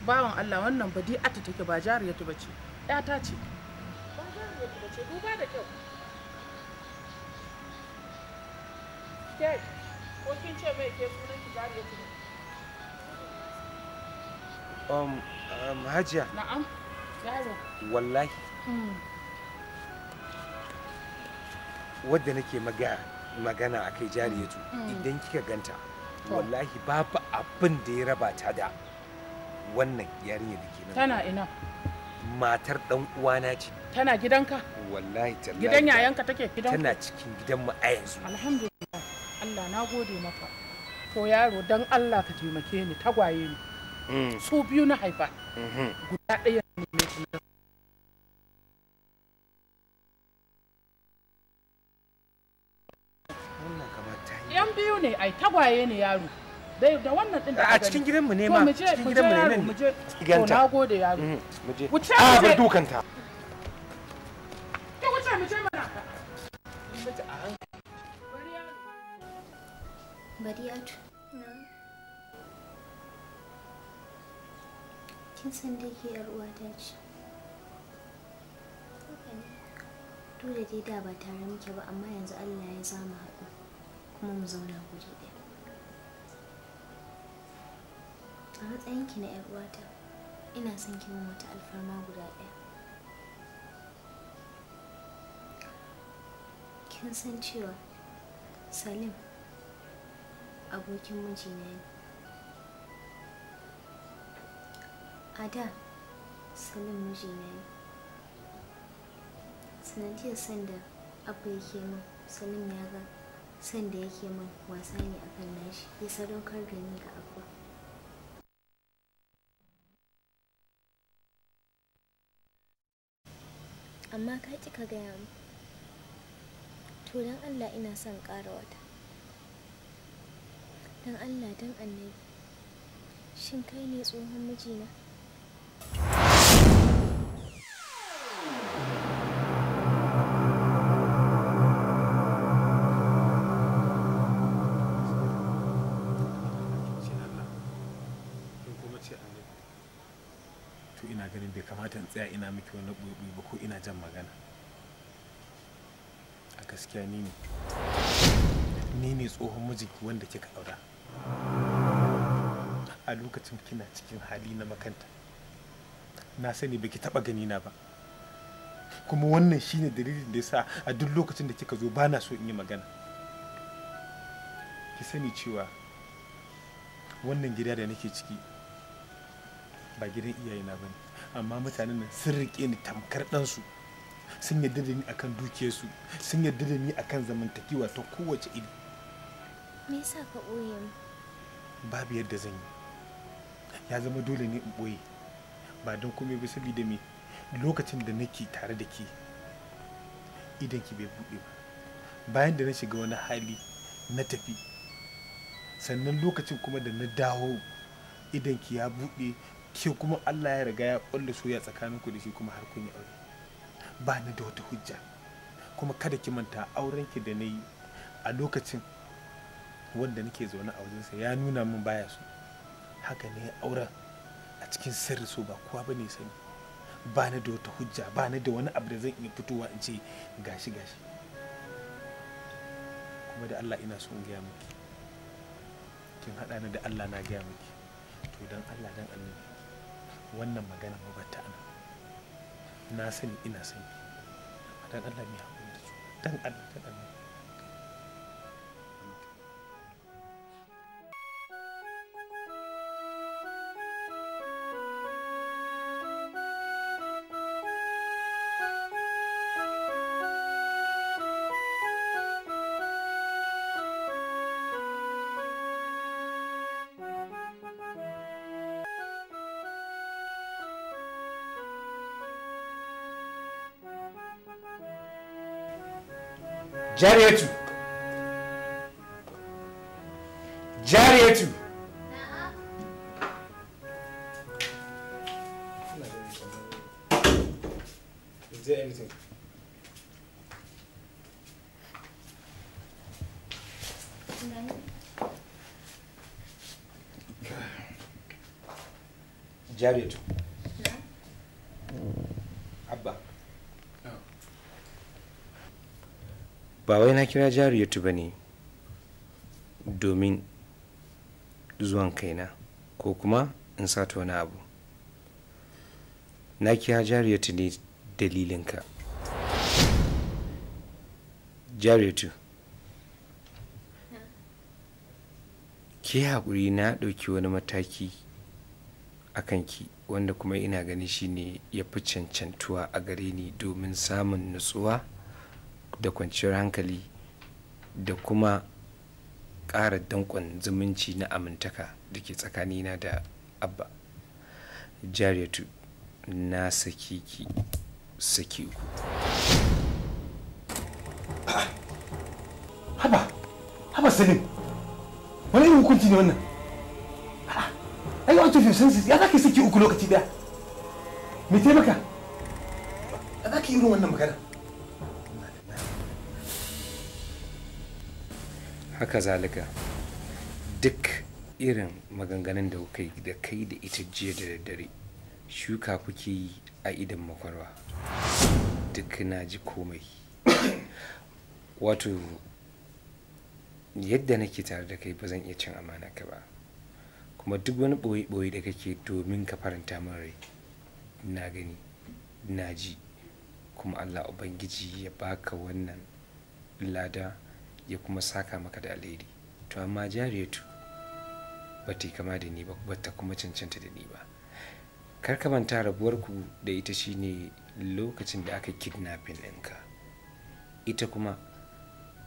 Speaker 10: bawan Allah wannan badi'atu take ba jariyatu bace ƴata ce ba jariyatu bace duba da kyau ke ko kin ce mai ke sunan ki jariyatu ne
Speaker 1: um, um hajiya na'am yaro wallahi Hmm. wadda nake magana a kai jariyatu mm. Mm. idan kika ganta wallahi babu abin da ya raba ta da wannan yarinya da ke nan tana ina matar dan uwana ce
Speaker 10: tana gidanka
Speaker 1: wallahi tallahi gidan yayanka
Speaker 10: take gidanka tana
Speaker 1: cikin mu a yanzu
Speaker 10: alhamdulillah Allah na gode maka to yaro dan Allah ka taimake ni tagwaye ni mm. su biyu na haifa mm-hmm. guda ɗaya ne mai ne ai tagwaye ne yaro dai da wannan din a cikin gidan mu ne ma cikin gidan mu ne nan to na gode yaro mm,
Speaker 1: mu je wuce a bar dukanta
Speaker 10: to wuce mu je mana
Speaker 6: Bariyatu. Kin san da ke yar uwata ce. Dole dai da ba tare muke ba amma yanzu Allah ya zama haɗu. kuma mu zauna guri ɗaya a matsayinki na 'yar uwata ina son ki min wata alfarma guda ɗaya kin san cewa salim abokin mijina ne a da salim mijina ne sanadiyar sanda abu yake min salim ya ga Sanda da yake min wasa ne a kan nashi ya sadaukar da ni ga abba amma ka ki ka gaya mu to don allah ina son ƙara wata don allah don annabi shin kai ne tsohon mijina
Speaker 3: ganin bai kamata in tsaya ina miki wani ɓoɓi ba ko ina jan magana a gaskiya ni ne ni ne tsohon mijinki wanda kika ɗaura a lokacin kina cikin hali na makanta na sani baki taba gani na ba kuma wannan shine dalilin da yasa a duk lokacin da kika zo ba na so in yi magana ki sani cewa wannan gida da nake ciki ba gidan iyayena ba ne amma mutanen nan sun riƙe ni tamkar ɗansu sun yarda da ni akan dukiyarsu sun yarda da ni akan zamantakewa ta kowace iri
Speaker 6: me yasa ka ɓoye
Speaker 3: babu yadda zan yi ya zama dole ne in ɓoye ba don kome ba saboda me lokacin da nake tare da ke idan ki bai buɗe ba bayan da na shiga wani hali na tafi sannan lokacin kuma da na dawo idan ki ya buɗe ke kuma Allah ya riga ya kulle soyayya tsakanin ku da shi kuma har kun yi aure ba ni da wata hujja kuma kada ki manta auren ki da nayi a lokacin wanda nake zaune a wajensa ya nuna min baya so haka ne auren a cikin sirri so ba kowa bane sani ba ni da wata hujja ba ni da wani abu da zan iya fitowa in ce gashi gashi kuma da Allah ina so in gaya miki kin haɗa ni da Allah na gaya miki to dan Allah dan annabi wannan magana mu batta ana na sani ina sani dan Allah mai haƙuri da su dan Allah dan Allah
Speaker 1: Jariyatu.
Speaker 5: Jariyatu.
Speaker 3: Is there anything?
Speaker 1: Jariyatu. kira jariyatu ba ne domin zuwan kaina ko kuma in ta wani abu na kira jariyatu ne dalilinka jariyatu ke haƙuri na ɗauki wani mataki a kanki wanda kuma ina ganin shine ya fi cancantuwa a gare ni domin samun nutsuwa da kwanciyar hankali da kuma ƙara danƙon zumunci na amintaka da ke tsakanina da abba jariyatu na saki ki saki uku
Speaker 3: haba haba salim wani yi hukunci ne wannan ai wato fi sun ya zaka saki uku lokaci daya me taimaka za ka yi irin wannan magana
Speaker 1: haka zalika duk irin maganganun da kuka da kai da ita jiya da daddare shuka kuke yi a idan makwarwa duk na ji komai wato yadda nake tare da kai ba zan iya cin amana ka ba kuma duk wani ɓoye-ɓoye da kake domin ka faranta min rai na gani na ji kuma allah ubangiji ya baka wannan lada ya kuma saka maka da alheri to amma jariyatu ba ta kama da ni ba ba ta kuma cancanta da ni ba kar ka manta rabuwar ku da ita shine lokacin da aka kidnapping ɗinka ita kuma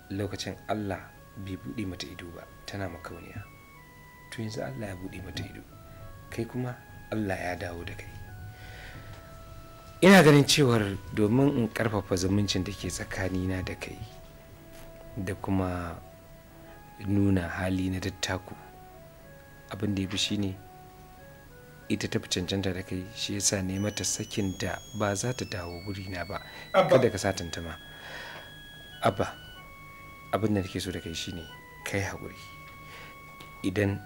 Speaker 1: lokacin Allah bai buɗe mata ido ba tana makauniya to yanzu Allah ya buɗe mata ido kai kuma Allah ya dawo da kai ina ganin cewar domin in karfafa zumuncin da ke tsakanina da kai da kuma nuna hali na dattaku abin da ya fi ne ita tafi cancanta da kai shi yasa ne mata sakin da ba za ta dawo wurina ba kada ka sa tantama abba abin da nake so da kai shi ne kai haƙuri idan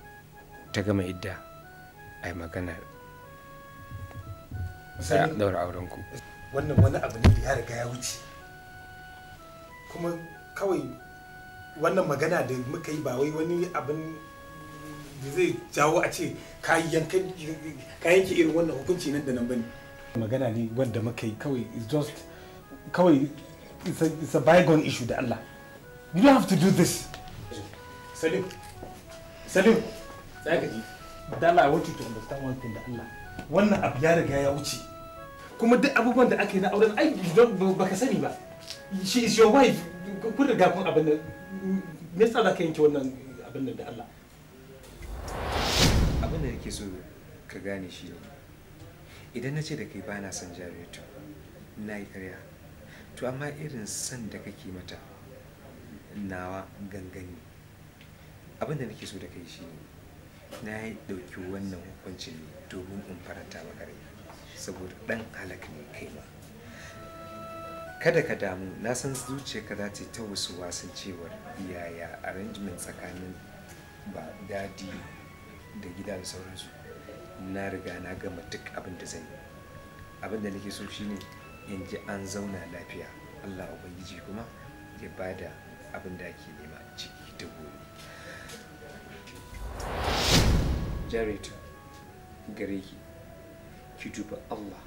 Speaker 1: ta gama idda a yi magana daura aurenku
Speaker 3: wannan wani abu ne da ya riga ya wuce kuma kawai wannan magana da muka yi ba wai wani abin da zai jawo a ce ka yanke irin wannan hukunci nan da nan bane magana ne wanda muka yi kawai is just kawai it's a, it's a bygone issue da Allah you don't have to do this salim salim zaka ji dala i want you to understand one thing da Allah wannan abu ya riga ya wuce kuma duk abubuwan da aka yi na auren ai baka sani ba she is your wife kun riga kun abin nan me yasa za ka yanke wannan abin nan da Allah
Speaker 1: abin da nake so ka gane shi ne idan na ce da kai bana son jariyatu na yi karya to amma irin son da kake mata nawa gangani abin da nake so da kai shi ne na yi ɗauki wannan hukuncin ne domin in faranta maka rai saboda ɗan halak ne kai ma kada ka damu na san zuciyarka za ta ta wasu wasan cewar yaya arrangement tsakanin ba dadi da gida sauransu na riga na gama duk abin da zan yi abin da nake so shine in ji an zauna lafiya allah ubangiji kuma ya bada abin da ake nema ciki da gobe jared gare ki ki duba allah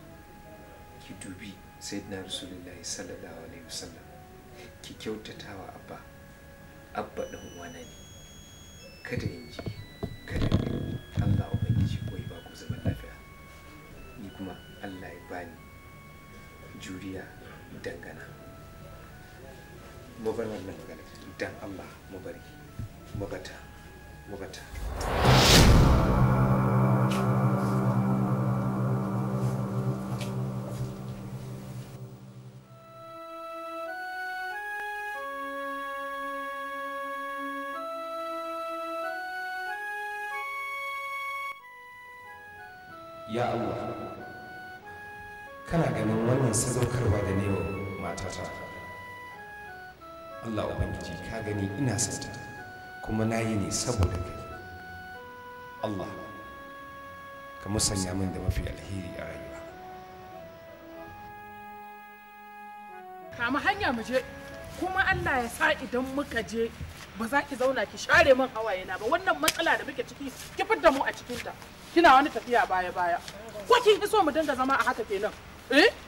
Speaker 1: ki dubi sai na rasulullahi sallallahu alaihi wasallam ki kyautata wa abba abba ɗan wana ne kada in ji kada in Allah ubangiji koyi ba ku zama lafiya ni kuma Allah ya bani juriya dangana mu bar wannan magana dan Allah mu bari mu bata mu bata wannan sadaukarwa da newa matata Allah Ubangiji ka gani ina sata kuma na yi ne saboda kai Allah ka musanya min da mafi alheri a rayuwa
Speaker 10: kama hanya mu je kuma Allah ya sa idan muka je ba za ki zauna ki share min hawaye na ba wannan matsala da muke ciki ki fidda mu a cikinta kina wani tafiya baya baya ko kin iso mu dinga zama a haka kenan eh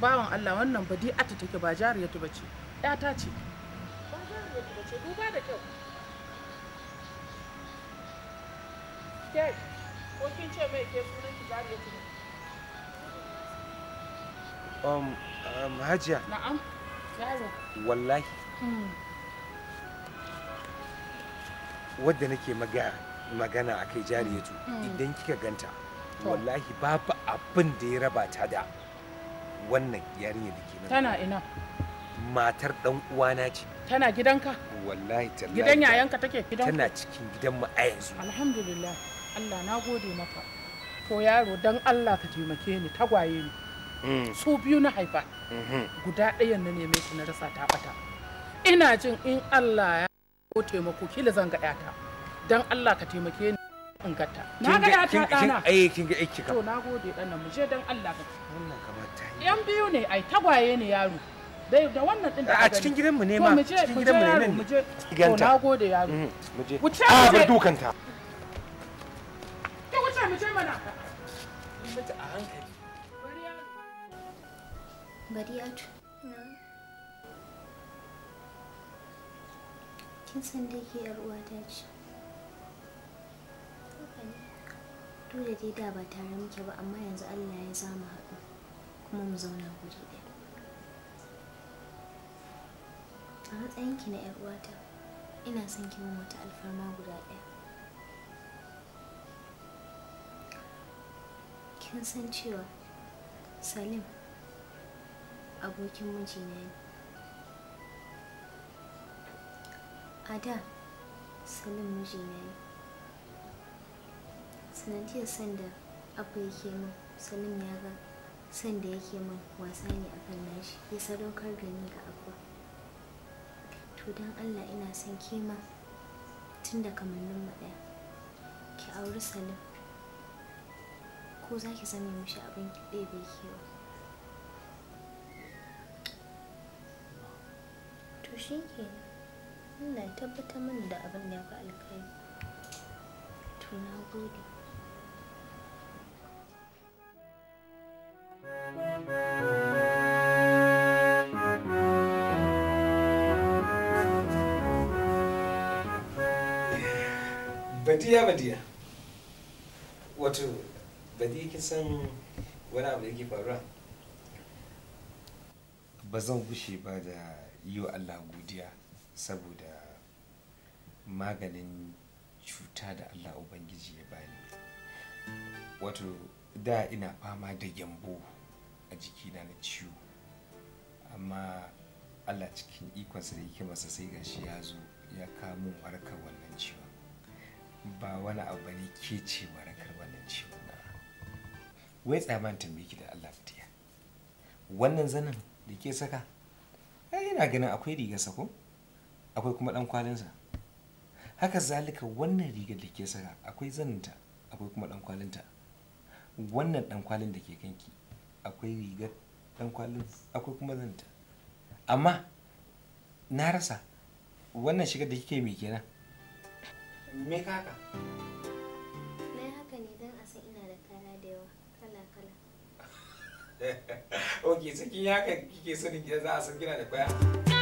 Speaker 10: bawan Allah wannan ba di'atu take ba jariyatu ba jariyatu bace duba da kyau ke ce mai ke sunan ki jariyatu ne
Speaker 1: um, um hajiya na'am hmm. wadda nake magana a kai jariyatu hmm. idan kika ganta wallahi babu abin da ya raba ta da wannan yarinya da ke nan tana ina matar dan uwana ce
Speaker 10: tana gidanka
Speaker 1: wallahi tallahi gidan yayanka
Speaker 10: take gidan tana
Speaker 1: cikin gidan mu a yanzu
Speaker 10: alhamdulillah Allah na gode maka to yaro dan Allah ka taimake ni tagwaye ni mm. su biyu na haifa mm-hmm. guda ɗayan na neme su na rasa ta bata ina jin in Allah ya ko taimako kila zanga ga yata dan Allah ka taimake ni na ga
Speaker 1: ya ta dana eh kin ga aiki to na
Speaker 10: gode dana mu je dan Allah ka ta yan biyu ne ai tagwaye ne yaro da wannan din da a cikin gidan mu ne ma to na gode yaro mm,
Speaker 1: mu je dukanta
Speaker 10: wuce mu mana
Speaker 6: Kin san da ke uwata ce. duk da dai da ba tare muke ba amma yanzu Allah ya za mu haɗu kuma mu zauna guri ɗaya a matsayinki na 'yar uwata ina son ki min wata alfarma guda ɗaya kin san cewa salim abokin mijina ne a da salim mijina ne sannan sanda abu yake min sanin ya ga sanda yake min wasa ne a kan nashi ya sadaukar da ni ga abu to don allah ina son kima tun da kamannin mu ɗaya ki auri salim ko za ki zame mishi abin ki ɗebe kewa to shi ke Allah ya tabbatar mana da abin da ya fi alkhairi to
Speaker 5: na gode
Speaker 1: badiya badiya wato badiya ki san wani abu da ke faruwa ba zan gushe ba da yi wa allah godiya saboda maganin cuta da allah ubangiji ya bani wato da ina fama da gyambo a jikina na ciwo amma allah cikin ikonsa da yake masa sai gashi ya zo ya kamo harkar wannan ciwo ba wani abu ne ke ce warakar wannan ciwo na wai tsaman tambayi da Allah fitiya wannan zanin da ke saka ai yana ganin akwai rigar sako akwai kuma dan kwalinsa haka zalika wannan rigar da ke saka akwai zaninta akwai kuma dan kwalinta wannan dan kwalin da ke kanki akwai rigar dan kwalin akwai kuma ta. amma na rasa wannan shigar da kike mai kenan me haka
Speaker 6: haka ne don a san ina da kaya da yawa kala kala
Speaker 1: ok sakin haka kike sanin gida za a san kina da baya